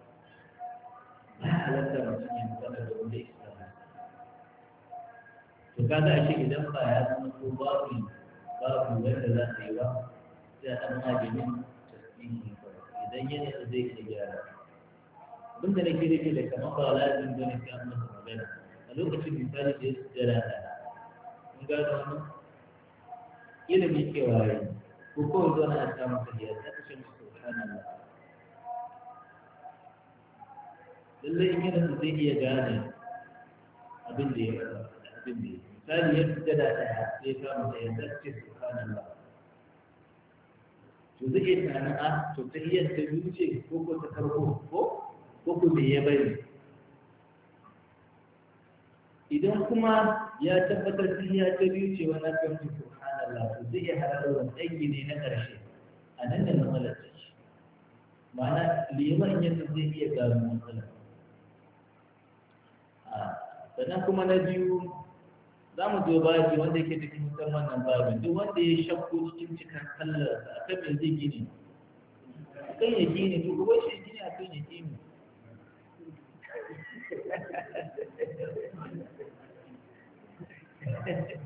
ya halatta mutum ya magana da wanda ya isa to kaga ashe idan ba ya zama ko babu babu wanda za ta yi ba sai a ɗan ajiyin tasbihi idan yanayin zai iya gyara abin da nake nufi da kamar ba lazim bane sai an masa magana a lokacin misali da ya sujjara da mun gano wannan ilimi ke waye ko kawai zo na ta masa ya ta kashe musu subhanallah lallai in su zai iya gane abin da ya rasa abin da ya misali ya fita da ɗaya sai ta kama da ya zarce su kanan ba to zai iya tunanin a ah, to ta iya ta biyu ce ko ko ta farko ko ko ko me ya bari idan kuma ya tabbatar sai ya ta biyu ce wani kan su subhanallah to zai iya haɗa aiki ne na ƙarshe a nan da matsalar ce ma'ana liman yadda zai iya gano matsalar sannan kuma na biyu za mu zo baji wanda yake da cikin wannan babin duk wanda ya shakku cikin cikin kallar a kan me zai gini kan ya gini duk kuma shi gini a kan ya gini shi ne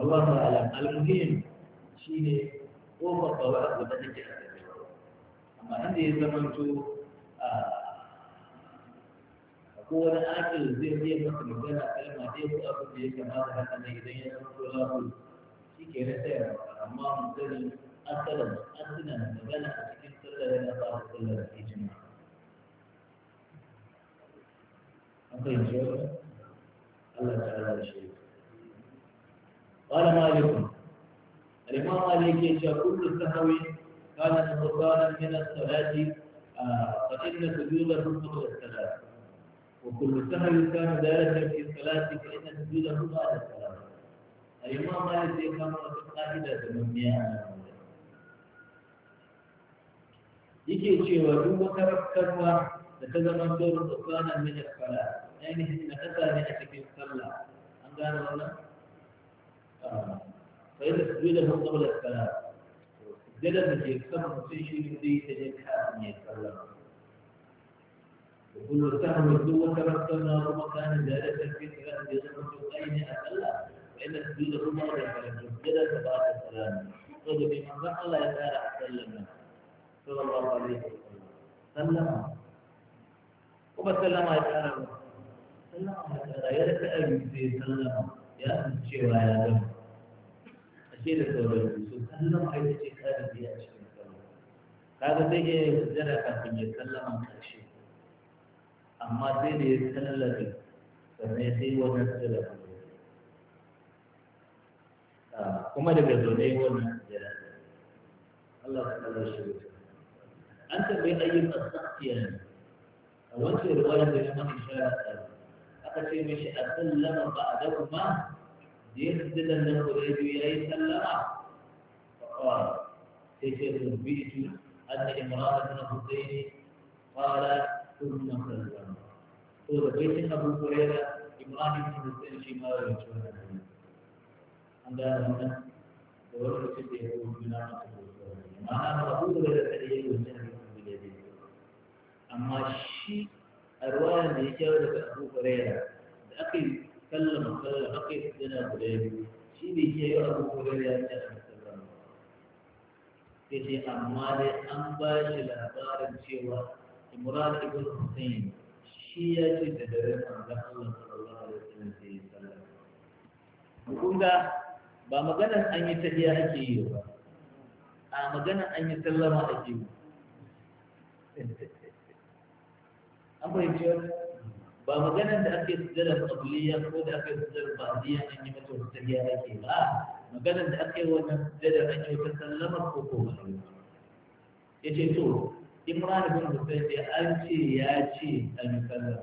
أعلم المهم شيء وفق da وتتجاهل amma nan da ya zamanto ko wani akil zai zai masa magana kalma dai ko abin da ya kamata haka ne idan ya zama ko lafiya shi ke na tsaya amma mu sani asalin asalin magana a cikin sallar yana ba da sallar da ke jima akwai jiwa Allah ta ala shi قال مالك الإمام مالك يقول كل سهوي كانت ركانا من الصلاة فإن سجودهم قبل السلام وكل سهل كان ذلك في الصلاة فإن سجودهم بعد السلام الإمام مالك يفهم قاعدة تمنية yake cewa duk wata rafkarwa da ta zama dorin tsokanan min al-fala ainihin na kasa ne a cikin sallah an gane wannan fa yadda su da hukumar al-fala dalar da ke kan mutum shi ne ta je kafin ya sallama وكل سهم القوة تمكنا ومكان ذلك في ثلاث جزمة العين أقل فإن سبيل الله يفعل جدا تبارك السلام قد بمن نقل يتارع سلم صلى الله عليه وسلم سلم وما سلم يتارع سلم يتارع يا لك أبي سلم يا أبي الشيوع يا أبي ke da sauran su sallama ita ce tsarin biya a cikin sallama kaga zai iya yin sujjada kafin ya sallama ƙarshe amma sai da ya sallame sannan ya sai wannan sujjada kuma daga zaune wannan sujjada Allah ta kalla shi an tambayi ayyukan sakiya ne a wancan ruwayar da ya mahi shara aka ce mishi a sallama ba a dakuma يخدل أن قريب إليه سلم فقال كيف نبئت أن امرأة بن الحسين قال ثم سلم قول بيت أبو هريرة إمرأة بن حسين فيما يجوز عند هنا ورد في اليهود من معنى أبو هريرة اليهود أما الشيء الرواية اللي جاءت أبو هريرة الأخير تكلم بقية السنة بلاد شيء بيجي يقرب بلاد يتشم السلام تيجي أمالي أمباش الأدار انشيوا مراد ابن حسين شيء يجي تدرم على الله صلى الله عليه وسلم في السلام وكما ba magana an yi tafiya ake yi ba a magana an yi sallama ake yi an fahimci wannan فمجانا تأكد الزر القبلية خود أكد الزر البعضية أن يمتو السرية لك لا مجانا تأكد وأن الزر أن يتسلم الحكومة يجي تو إمران بن حسين يا أنتي يا أنتي أن يسلم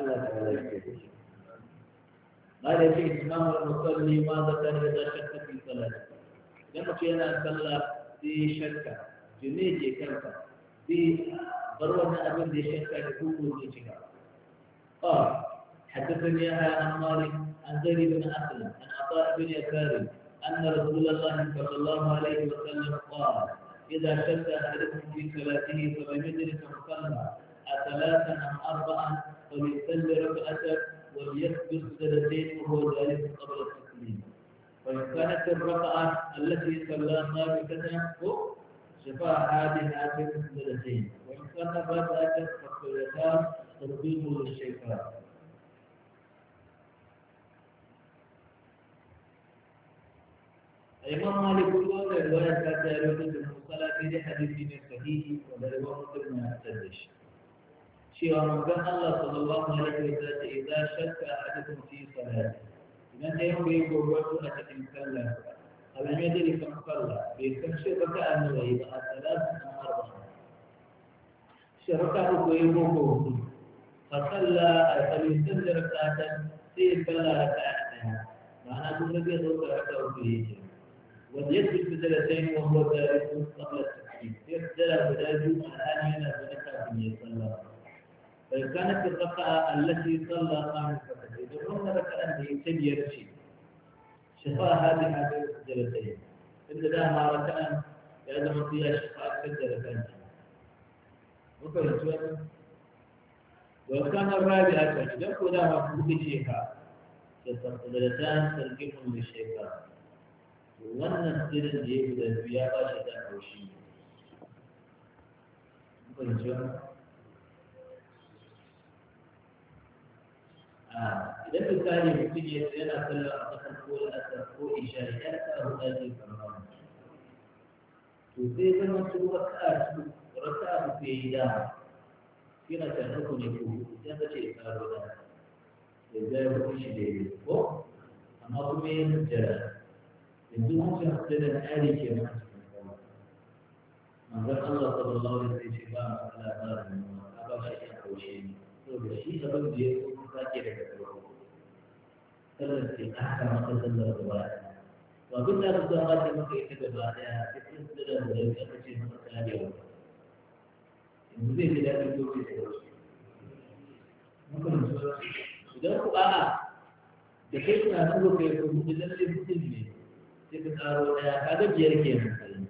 الله تعالى ما ليش إمام المصلي ما ذكر إذا شك في صلاته لما كان صلى في شك جنيه كم في ضرورة أبن دي شيخ كأنه كل قال حدثني يحيى عن مالك عن زيد بن أسلم عن عطاء بن يسار أن رسول الله صلى الله عليه وسلم قال إذا شك أحدكم في صلاته فلم يدرك مصلى أثلاثا أم أربعا فليصلي ركعة وليكبر سجدتين وهو ذلك قبل التسليم وإن كانت الركعة التي صلى ثابتة شفاء هذه الآتين المحملتين وإن بعد أجل فالطريقان تربيه للشيطان الإمام مالك يقول رواية كاتب المصطلح في حديث صحيح ولرواية مسلم يحتجش شيء ومن الله صلى الله عليه وسلم إذا شك أحدكم في صلاته لأن يوم يقول وقت أتكلم فلم يدري كم صلى بيستمشي ركعة نوعي بقى ثلاث أم أربعة شركه ويبوكه فصلى فليصلي ركعة في صلى ركعتين معناه النبي صلى الله عليه وسلم وليجلس بدلتين وهو جالس قبل التسليم يبتلى بدايه الان هنا بدقه يصلى فإن كانت الركعة التي صلى خامسة إذا كنا ركعة هي تبيرشي شفاء هذه هذه إن إلا ما ركان يلزم فيها شفاء في الجلتين وكذلك ولو كان أكثر إذا كنا مفهوم شيخا فالجلتان ترجم للشيخا wannan sirrin da ya guda ya ba shi da idan misali mutum ya ce yana sallar a kasar ko la'asar ko isha ya sa huda ce kamar to sai zama su raka'a su raka'a su yi dama yana tare ku ne ko idan ka ce ya karo da ya zai rufe shi da ya ko amma kuma ya jira yanzu mutum da da tsari ke ma cikin kuma manzon Allah sallallahu alaihi wasallam ya ce ba mu Allah ba mu ba shi ya kaushe ni saboda shi abin da ya وسلم في أحكم قتل الرواية وقلنا بالدعوات المكيفة ببعدها في ذلك أخشي من الكلام يوم المزيد لا يكون في سوش ممكن ودركوا آه بحيث ما أقول في مجدد للمسلمين في أرونا هذا بيركي مثلا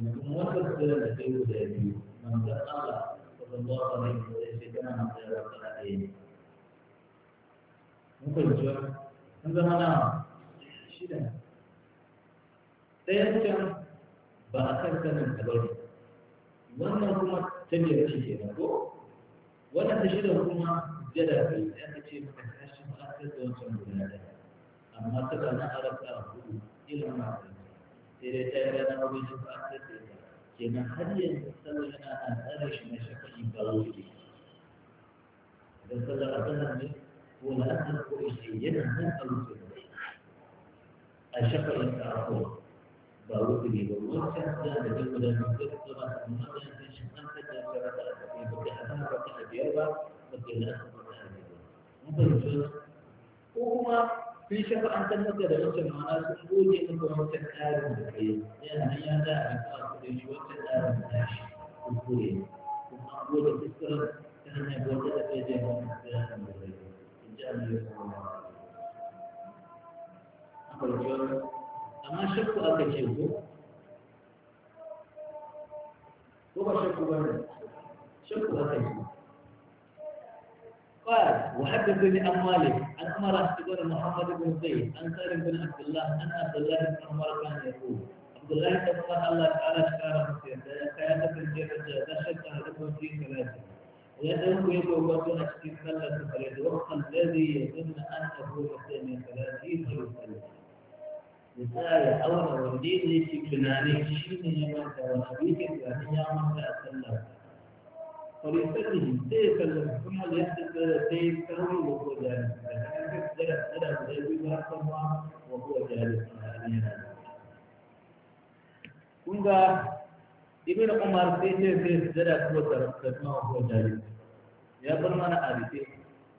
يمكن موقف سلم لكي يدعي من ذا الله صلى الله عليه وسلم كان من ذا الله mun fahimci wani an zama na shida ɗayan can ba a kan sanin ta wannan kuma ta biyar ce ke ko wannan ta shida kuma jada bai da aka ce maka tashi ba a kan da wancan guda ɗaya amma tana na arabta a kudu ilimin masu sai dai ta yi rana wani shi ba a kan da ya kenan har yanzu sallar yana an tsare shi na shafa'i ba wuri da sallar a ne ولا أخلق إلينا الفردين أشكر التعرفون باوتني والله كان لكم لأن الفطرة المدى تشمل تجارة في بكأها بكأ بيربا بكأها بكأها مبرجون وهما في شفاء أن تنمت لدى نفسه معنا سنقول يكون موتا آدم بكي لأن هي دائما تأخذ شوكة آدم ناشي وقولي وقولي تذكر النبي صلى الله عليه وسلم أما شك أكشفه هو شك بنا شك أكشفه قال وحدثني عن مالك عن عمر بن محمد بن زيد عن سالم بن عبد الله عن عبد الله بن عمر كان يقول عبد الله بن عمر الله تعالى شكر مسيرته كانت الجنة لا شك في ثلاثة يأكل يتوبة في سلة فليتوقع الذي يظن أنه يحسن من ثلاثين فليسلم misali auna wanda ne ke tunanin shi ne ya manta wani abu yake tunanin ya manta a sallah farisalli sai ya kalla kuma da yadda tsara sai ya karni wa ko jari da haka tsara tsara da ya biyu har sama wa ko jari a hannun yana kun ga ibn umar sai ce zai da ko tarfasma ko jari ya bar mana a rufe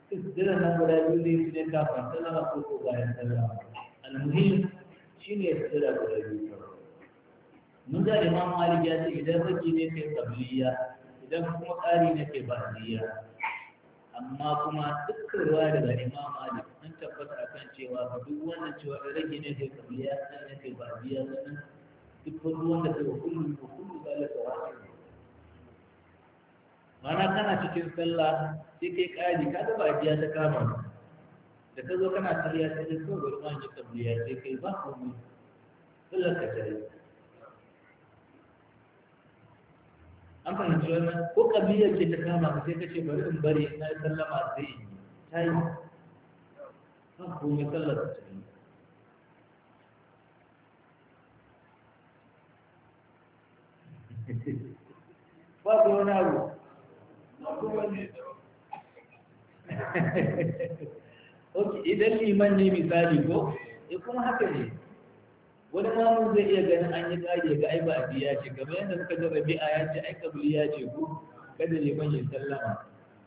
sujada na guda biyu zai su ka fara sallama ko ko bayan sallama ne shine sujada guda biyu mun ga imam malik ya ce idan raki ne kai tabliya idan kuma ƙari ne kai ba'diya amma kuma dukkan ruwa daga imam malik an tabbata akan cewa duk wannan cewa rage ne kai sai ne kai ba'diya sannan duk wani wanda mana kana cikin sallah sai kai kaji ka ga bajiya ta kama da ka zo kana tsariya sai dai kawai bari ma ji sai kai ba komai sallar ka tare an fahimci wannan ko kabiya ce ta kama ka sai ka ce bari in bari na sallama zai yi ta yi ba babu wani abu idan liman ne misali ko e kuma haka ne wani mamun zai iya ganin an yi tsari ga aiba a biya ce kamar yadda suka ji a ya ce ai kabiliya ce ku kada liman ya sallama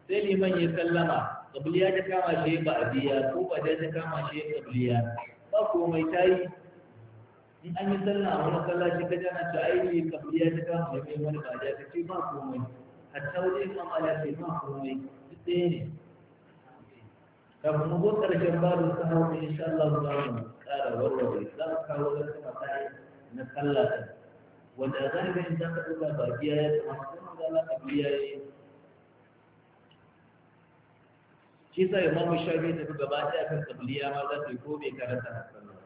sai liman ya sallama kabiliya ta kama shi ba a biya ko ba dai ta kama shi kabiliya ba komai ta yi in an yi sallah wani sallah shi ka jana ta aiki kabliya ta kama da mai wani baja ta ce ba komai a wajen kan ala ce ba komai duk ɗaya ne kafin mu zo ƙarshen babu ta hau ne insha Allah za mu ƙara warware za mu kawo wasu matsayi na sallah ta wanda a galibin za ka ɗauka bakiya ya masu kuma ga Allah kabliya ya yi shi sa imamu shafi ta gaba ɗaya kan kabliya ma za ta yi ko bai karanta a sallah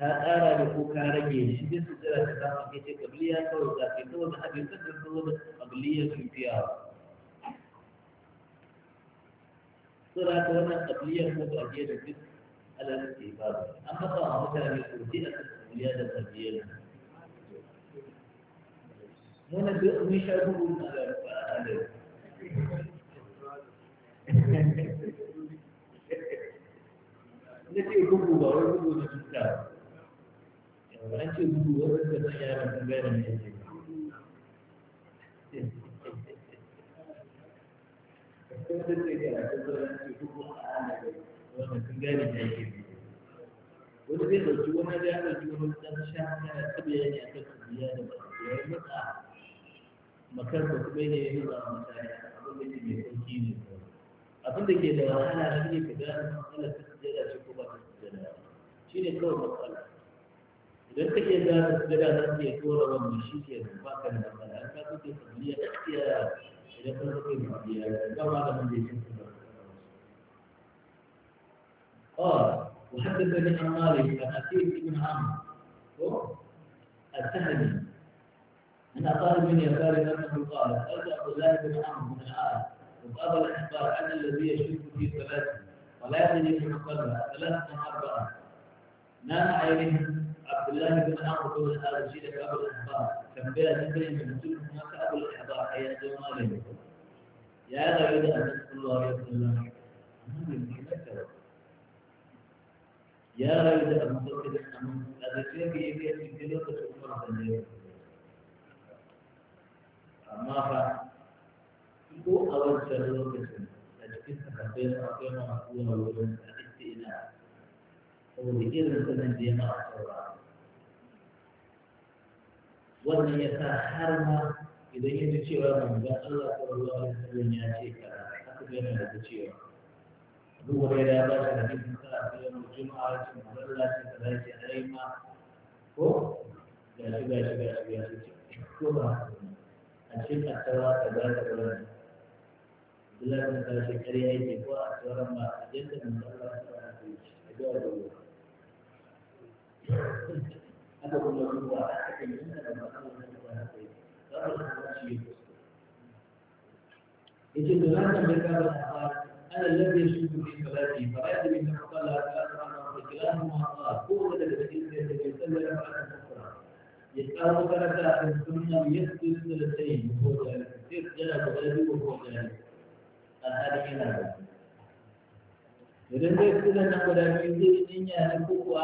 ka ƙara da ko ka rage shi bin su jira ta kama ke ce kabiliya kawai za ka yi kawai da abin kasar kawai da kabiliya sun fiya so da haka wannan kabiliya ko ba ke da duk alamun ke ba an maka wa mutane ko ce a kan kabiliya da kabiliya wannan duk mun sha gudu na da al'adar na ce gudu ba wai gudu na tuta ba an ce gudu wasu da ta yaran sun gane mai yake ba da wani zai ɗauki wani ya ɗauki wani ɗan sha yana taɓa yaki a kan kuliya da ba ya yi matsa makar da kuma ne ya nuna wa mutane abin da ke mai sauki ne abin da ke da wahala shi ne ka gane matsalar ta sujjada ce ko ba ta sujjada shi ne kawai matsala idan ka iya za ka sujada za ka iya tura wannan shi ke nan ba da matsala an ka kuke tafiya ta iya idan ka kuke tafiya ba ma da mun da yake kuma قال وحدثني عن مالك عن عتيق بن عمرو السهمي أن أقال من يسار أنه قال سألت عبد الله بن عمرو من العاص وقال الأحبار أنا الذي يشك في صلاته ولا يدري من صلى ثلاثة أربعة نام عليهم عبد الله بن عمرو بن الحارث شيء كأبو الأحبار كم بلا تنبيه من مسلم ما كأبو الأحبار حياة ما له يا غريب أن صلى الله عليه وسلم يا غريب أن صلى الله عليه وسلم هذا شيء يبي أن يكلمك سبحانه وتعالى أما فا هو أول شر لكن لكن تكبير أقيم أقوى الوزن الاستئناف هو بكثرة من دينا أصلاً wannan ya sa har ma idan ya ji cewa manzon Allah sallallahu alaihi wasallam ya ce ka haka yana da cewa duk wanda ya ba shi hadisin sa a cikin juma'a cikin Allah sai ka zai ce ai ma ko ga shi ga shi ga shi ga shi ko ba a cikin attawa ka za ka bar Allah ta karshe kare yake ko a tsoron ma a jinda manzon Allah sallallahu alaihi wasallam ga أنه لو وافقك الجنة لما أمرنا بوافقك ربنا لا شيء يجب أن نعلم بالكعبة قال أنا الذي يشك في صلاتي فرأيت من قال لا أمر كلاهما قال هو الذي يسلم على الكفر يسألك لك أن السنة يسجد سلتين وهو جالس يسجد جلد غيري وهو جالس هذا كلامه إذا يسجد أنه لا يمكن أن يكون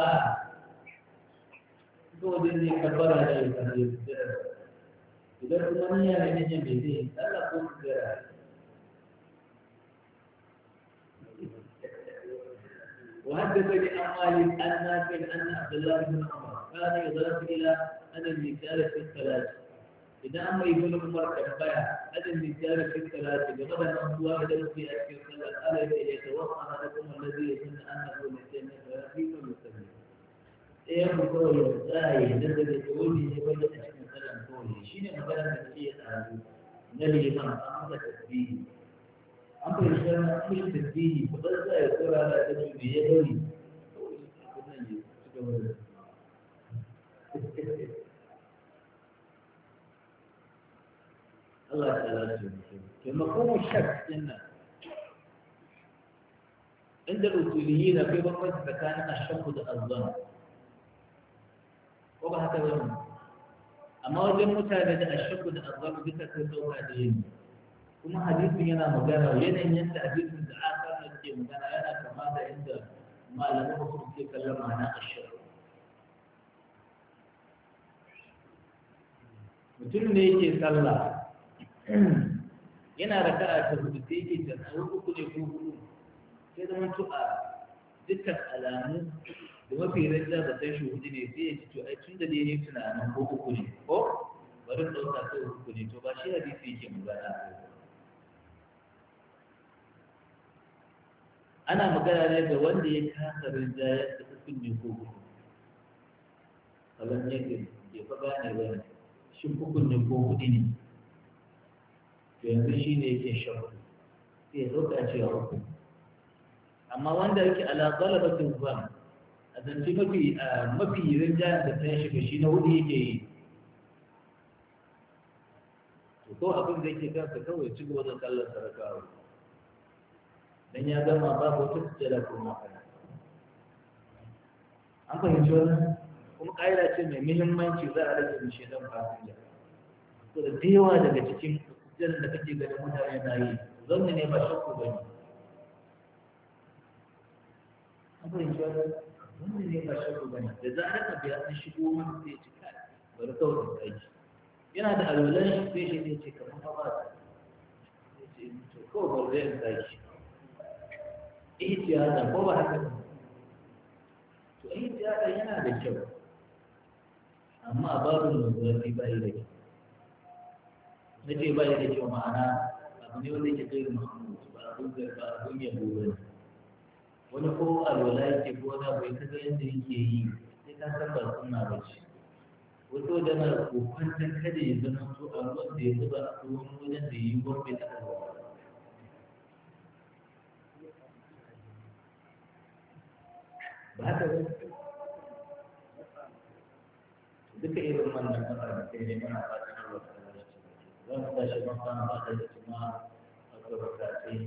ko din ne kabbara ce ka je idan kuma niyya ne ne me وحدثني عن مالك عن نافع ان عبد الله بن عمر كان يضرب الى ان الرجال في الثلاث اذا اما يقول عمر كبايا ان الرجال في الثلاث بغض الانبواء له في اكل الخلق الا يتوقع لكم الذي يظن انه من الجنه ɗayan kawai ya tsaya ya daga da kawai ne wanda a cikin tsarin kawai shi ne magana da ke tsaro na liman an masa tasbihi an bai shi an yi tasbihi ba zan tsaya ya tsora na ta ce me ya bari wannan ya ci gaba da Allah ta lafiya to makamu shak din nan عند الأصوليين في بقى ذكرنا الشك والظن ko ba haka bane amma wajen mutane da ashakku da azabu duka sai dauka da yin kuma hadisin yana magana yanayin yadda hadisin da aka yake magana yana kama da yadda malaman wasu suke kallon ma'ana ashakku mutum ne yake sallah yana da ka'a ta hudu sai yake da tsawon uku ne ko hudu sai zama tu'a dukkan alamu da mafi rajja da sai shuhudu ne sai ya ci to ai tun da ne ne tunanin ko uku ne ko bari in ɗauka sai uku ne to ba shi hadisi yake magana ana magana ne ga wanda ya kasa rinjayar da hukun ne ko uku kalan ne ke fa gane ba shi hukun ne ko hudu ne to yanzu shi ne yake shafu sai ya ɗauka cewa uku amma wanda yake ala galabatin zuwa zance mafi mafi rinjayen da ta shiga shi na wuri yake yi to ko abin da yake kansa kawai ci gaba da sarakawa dan ya gama babu wata sujjada ko makana an fahimci wani kuma ƙa'ida ce mai muhimmanci za a rage mishi dan fasinja to da yawa daga cikin jan da kake ganin mutane na yi zanne ne ba shakku ba ne an fahimci wannan wannan ne ba shakku bane da zarar ka biya an shigo mana sai ya ce bari kawai in kai yana da alwalan shi sai shi ne ce kamar ba ba sai ce to kawai bari in kai a ko ba haka ba to yana da kyau amma a babin zafi ba yi da kyau na ce ba yi da kyau ma'ana abu ne wanda ba kai mahimmanci ba abin yabo ba ne wani ko alwala yake ko wani abu ya kaga yadda yake yi sai ka san ba suna ba ce wata wadana kokwantar kada ya zama to a ruwan da ya zuba a ruwan wajen da ya yi ruwan bai taɓa ruwa ba ta ba duka irin wannan matsala sai ne muna fatan Allah ta zama ci za mu tashi ban fara ba da jama'a a gaba ta ce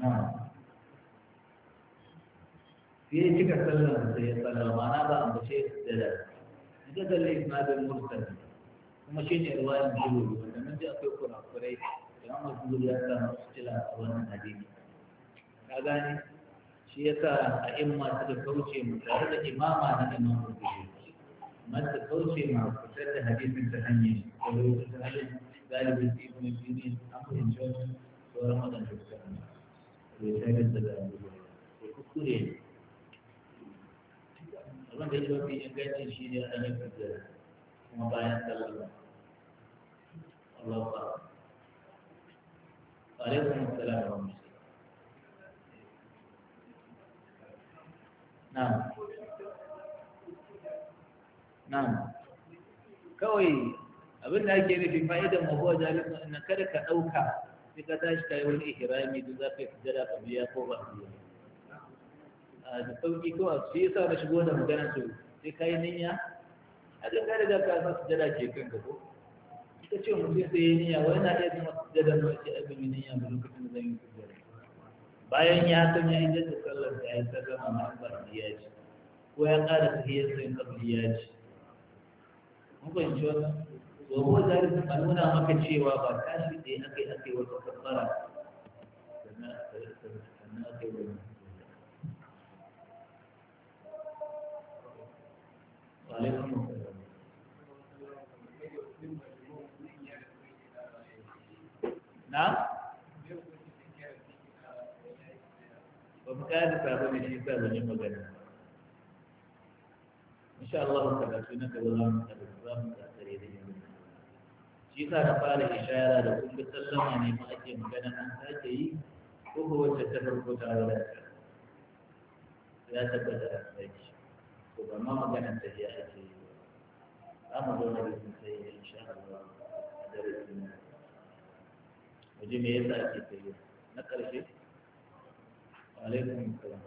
sai cika sallar sai ya sallar ma'ana ba a bace da da ita zalle isnadin mursal kuma shi ne ruwayan jihohi wanda mun ji akwai kurakurai da amma su ya samu su cila a wannan hadisi ka gane shi ya sa a imma suka kauce mu tare da imama na imam rubutu masu kauce ma fitar da bai shayar da ba ne abin da ya fi ingancin shi ne kuma bayan Allah ba Na'am. Kawai abin da ake nufi fa'idan mabuwa jalisa na kada ka ɗauka sai ka tashi kai wani ihrami duk za ka yi sujada ka biya ko ba su a da sauki kawai su yi sa na shigo da magana su sai ka yi niyya a duk ka riga ka san sujada ke kan ka ko ita ce mutum sai yi niyya Wai na iya zama sujada ba ce abin yi niyya ba lokacin da zan yi sujada bayan ya san ya yi jadda sallar da ya yi ma gama ba ƙarfiya ce ko ya ƙara tahiyar sai ƙarfiya ji mun ji wannan wa huwa zalik a nuna maka cewa ba tashi da aka yi aka yi wata kabbara sannan aka yi wani وعليكم السلام نعم ومكان فابن الشفاء من يوم إن شاء الله تعالى سنة الله من shi sa na fara ishara da kun ga sallama ne ma ake magana an sake yi ko ko wacce ta farko ta wadata ya tabbata an sake to ba ma maganar ta ya ake yi za mu zo na bisin sai ya insha Allah a darasin nan waje me yasa ake tafiya na ƙarshe alaikum salam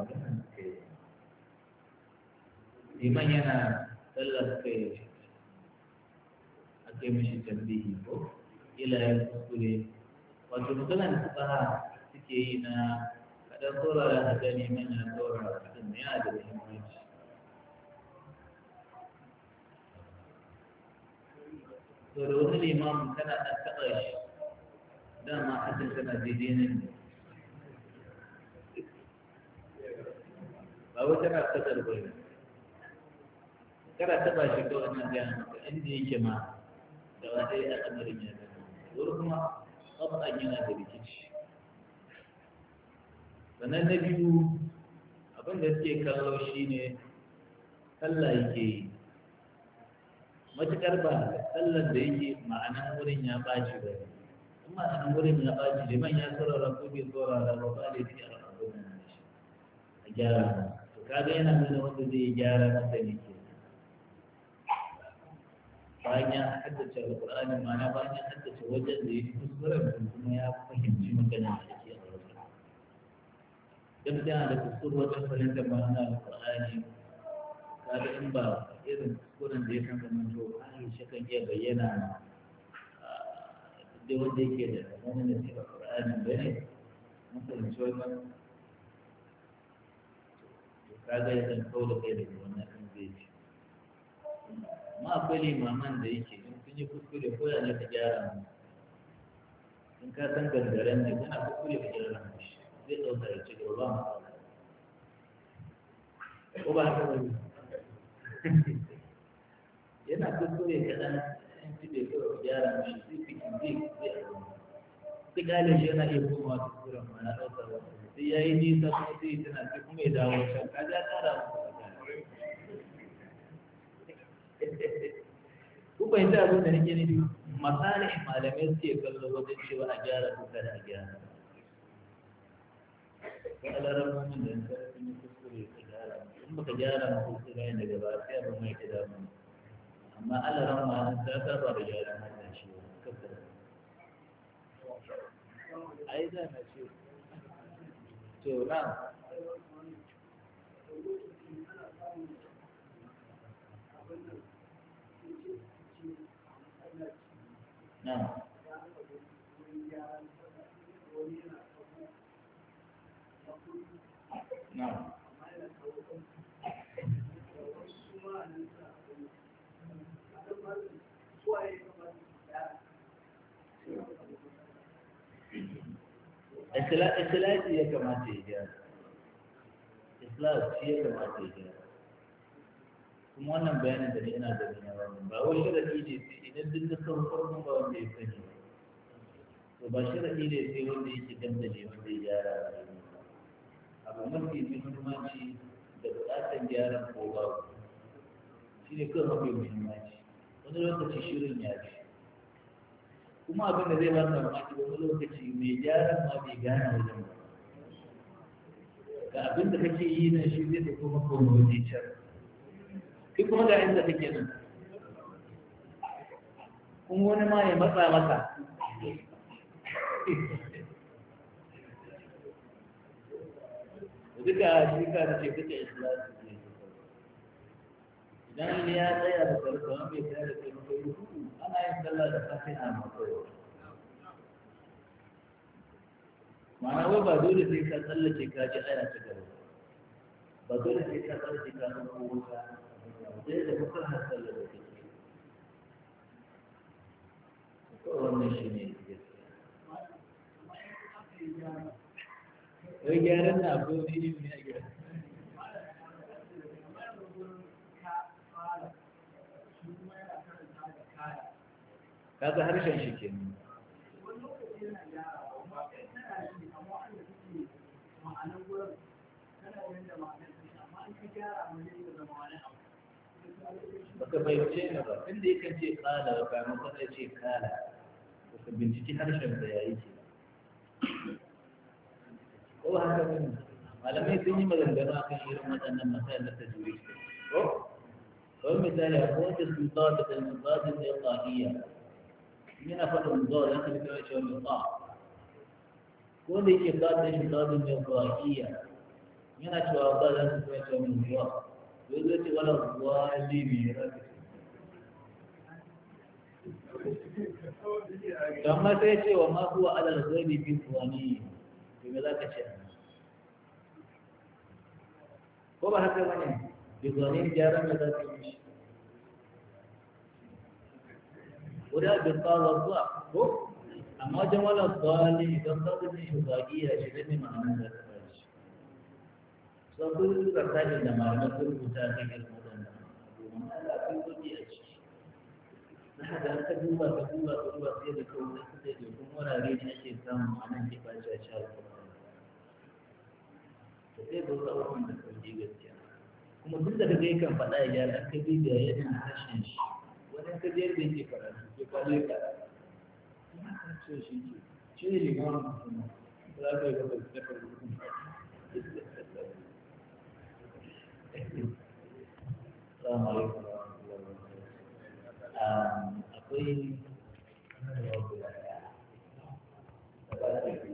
magana eh, kai liman yana sallar kai ake mishi tambihi ko ila ya kuskure wato maganar fukaha suke yi na kaɗan saurara a gani manyan saurara kaɗan yana da muhimmanci to da taɓa shi ne A wai tana kasar bai kada ba shi kawai nan gaya maka inda yake ma da wata yi al'amarin ya zama wuri kuma tsabtan yana da rikici sannan na biyu abin da suke kallo shi ne sallah yake yi matuƙar ba sallar da yake ma'anar wurin ya ɓaci ba ne in ma'anan wurin ya ɓaci liman ya saurara ko bai tsoron ba ba da yake a rabu a gyara kaga yana nuna wanda zai yi gyara masa ne ke bayan ya haddace alƙur'ani ma'ana bayan ya haddace wajen da ya fi kuskuren kuma ya fahimci magana da ake a wajen duk da da kuskur wajen fahimtar ma'ana alƙur'ani kaga in ba irin kuskuren da ya san zaman to ai shi kan iya bayyana ah, duk wanda yake da wani da ke alƙur'ani bane mun fahimci wannan kaga ya san kawo da kai daga wannan in zai ce amma akwai limaman da yake in kun yi kuskure ko ya ne ka gyara mu in ka san gangaren ne kana kuskure ka gyara mu shi zai ɗauka ya ci gaba mu ko ba haka bane yana kuskure kaɗan in ci bai kawo ka gyara mu shi zai fi zai zai a gaba duk ɗalibin yana iya komawa kuskuren ma na ɗaukar wani sai ya yi nisa kuma sai tana sai kuma ya dawo can ka ja tsara ku bai ta abin da nake nufi masali malamai suke kallo wajen cewa a gyara ko kada a gyara ga alaramomin da ta sun yi kuskure ka gyara in baka gyara ma ko su gane daga ba sai abin mai kida mu amma alarama ta saba da gyara mata shi kakkara ai da na ce to na na islaji ya kamata ya gyara islaji ya kamata ya gyara kuma wannan bayanin da ni ina da nuna wannan ba wai sharaɗi ne sai idan duk na san ba wanda ya sani ba to ba sharaɗi ne sai wanda yake dandali wanda ya gyara abu mafi muhimmanci da buƙatar gyaran ko ba shi ne kan mafi muhimmanci wani lokaci shirin ya fi kuma abin da zai ba su mamaki wani lokaci mai gyaran ma bai gane wajen ba ga abin da kake yi na shi zai kuma maka wani can kai kuma ga inda kake nan kun wani ma ya matsa maka duka shi ka da ce duka islami idan ya tsaya da karfa mai tsaya da karfa ana yin sallah da fatiha ma koyo ma'ana wai ba dole sai ka tsallake ka ji aya ta gaba ba dole sai ka tsallake ka san ko wuta sai da kuka har sallah da kake ko wannan shi ne gaskiya wai gyaran na abu ne ne a gyara هذا هل شيء شيء ولكن يجب ان يكون هناك من يكون هناك من يكون هناك من يكون هناك من يكون هناك من يكون هناك من يكون هناك من يكون هناك من يكون هناك من يكون هناك من يكون هناك من يكون هناك من يكون هناك من يكون هناك yana faɗin zuwa da aka fito cewa mai ba ko da yake kaɗa shi zaɓin da baƙiya yana cewa ba za su fito cewa mai zuwa to yanzu ce wala zuwa libi kamar sai ce wa ma kuwa alal zaibi bi kuwani to me za ka ce ko ba haka bane bi kuwani gyaran da za ka yi shi guda bin tsawon zuwa ko amma wajen wala tsawali idan za ku ce bagiya shi ne da ta fashi sau kun suka tashi da malamai sun rubuta ta girma da domin ala kun gudu a ciki na haka ka duba ka duba ka duba sai da kawai na kusa da kuma wurare ne ake samun ma'anar ke fashi a shi da sai ba wasu da kan ji gaskiya kuma duk da kaga faɗa ya gyara ka bibiya yana harshen shi wani da yake karatu ke kwalle ka ya ce shi ke shi ne mutum za ka yi gaba da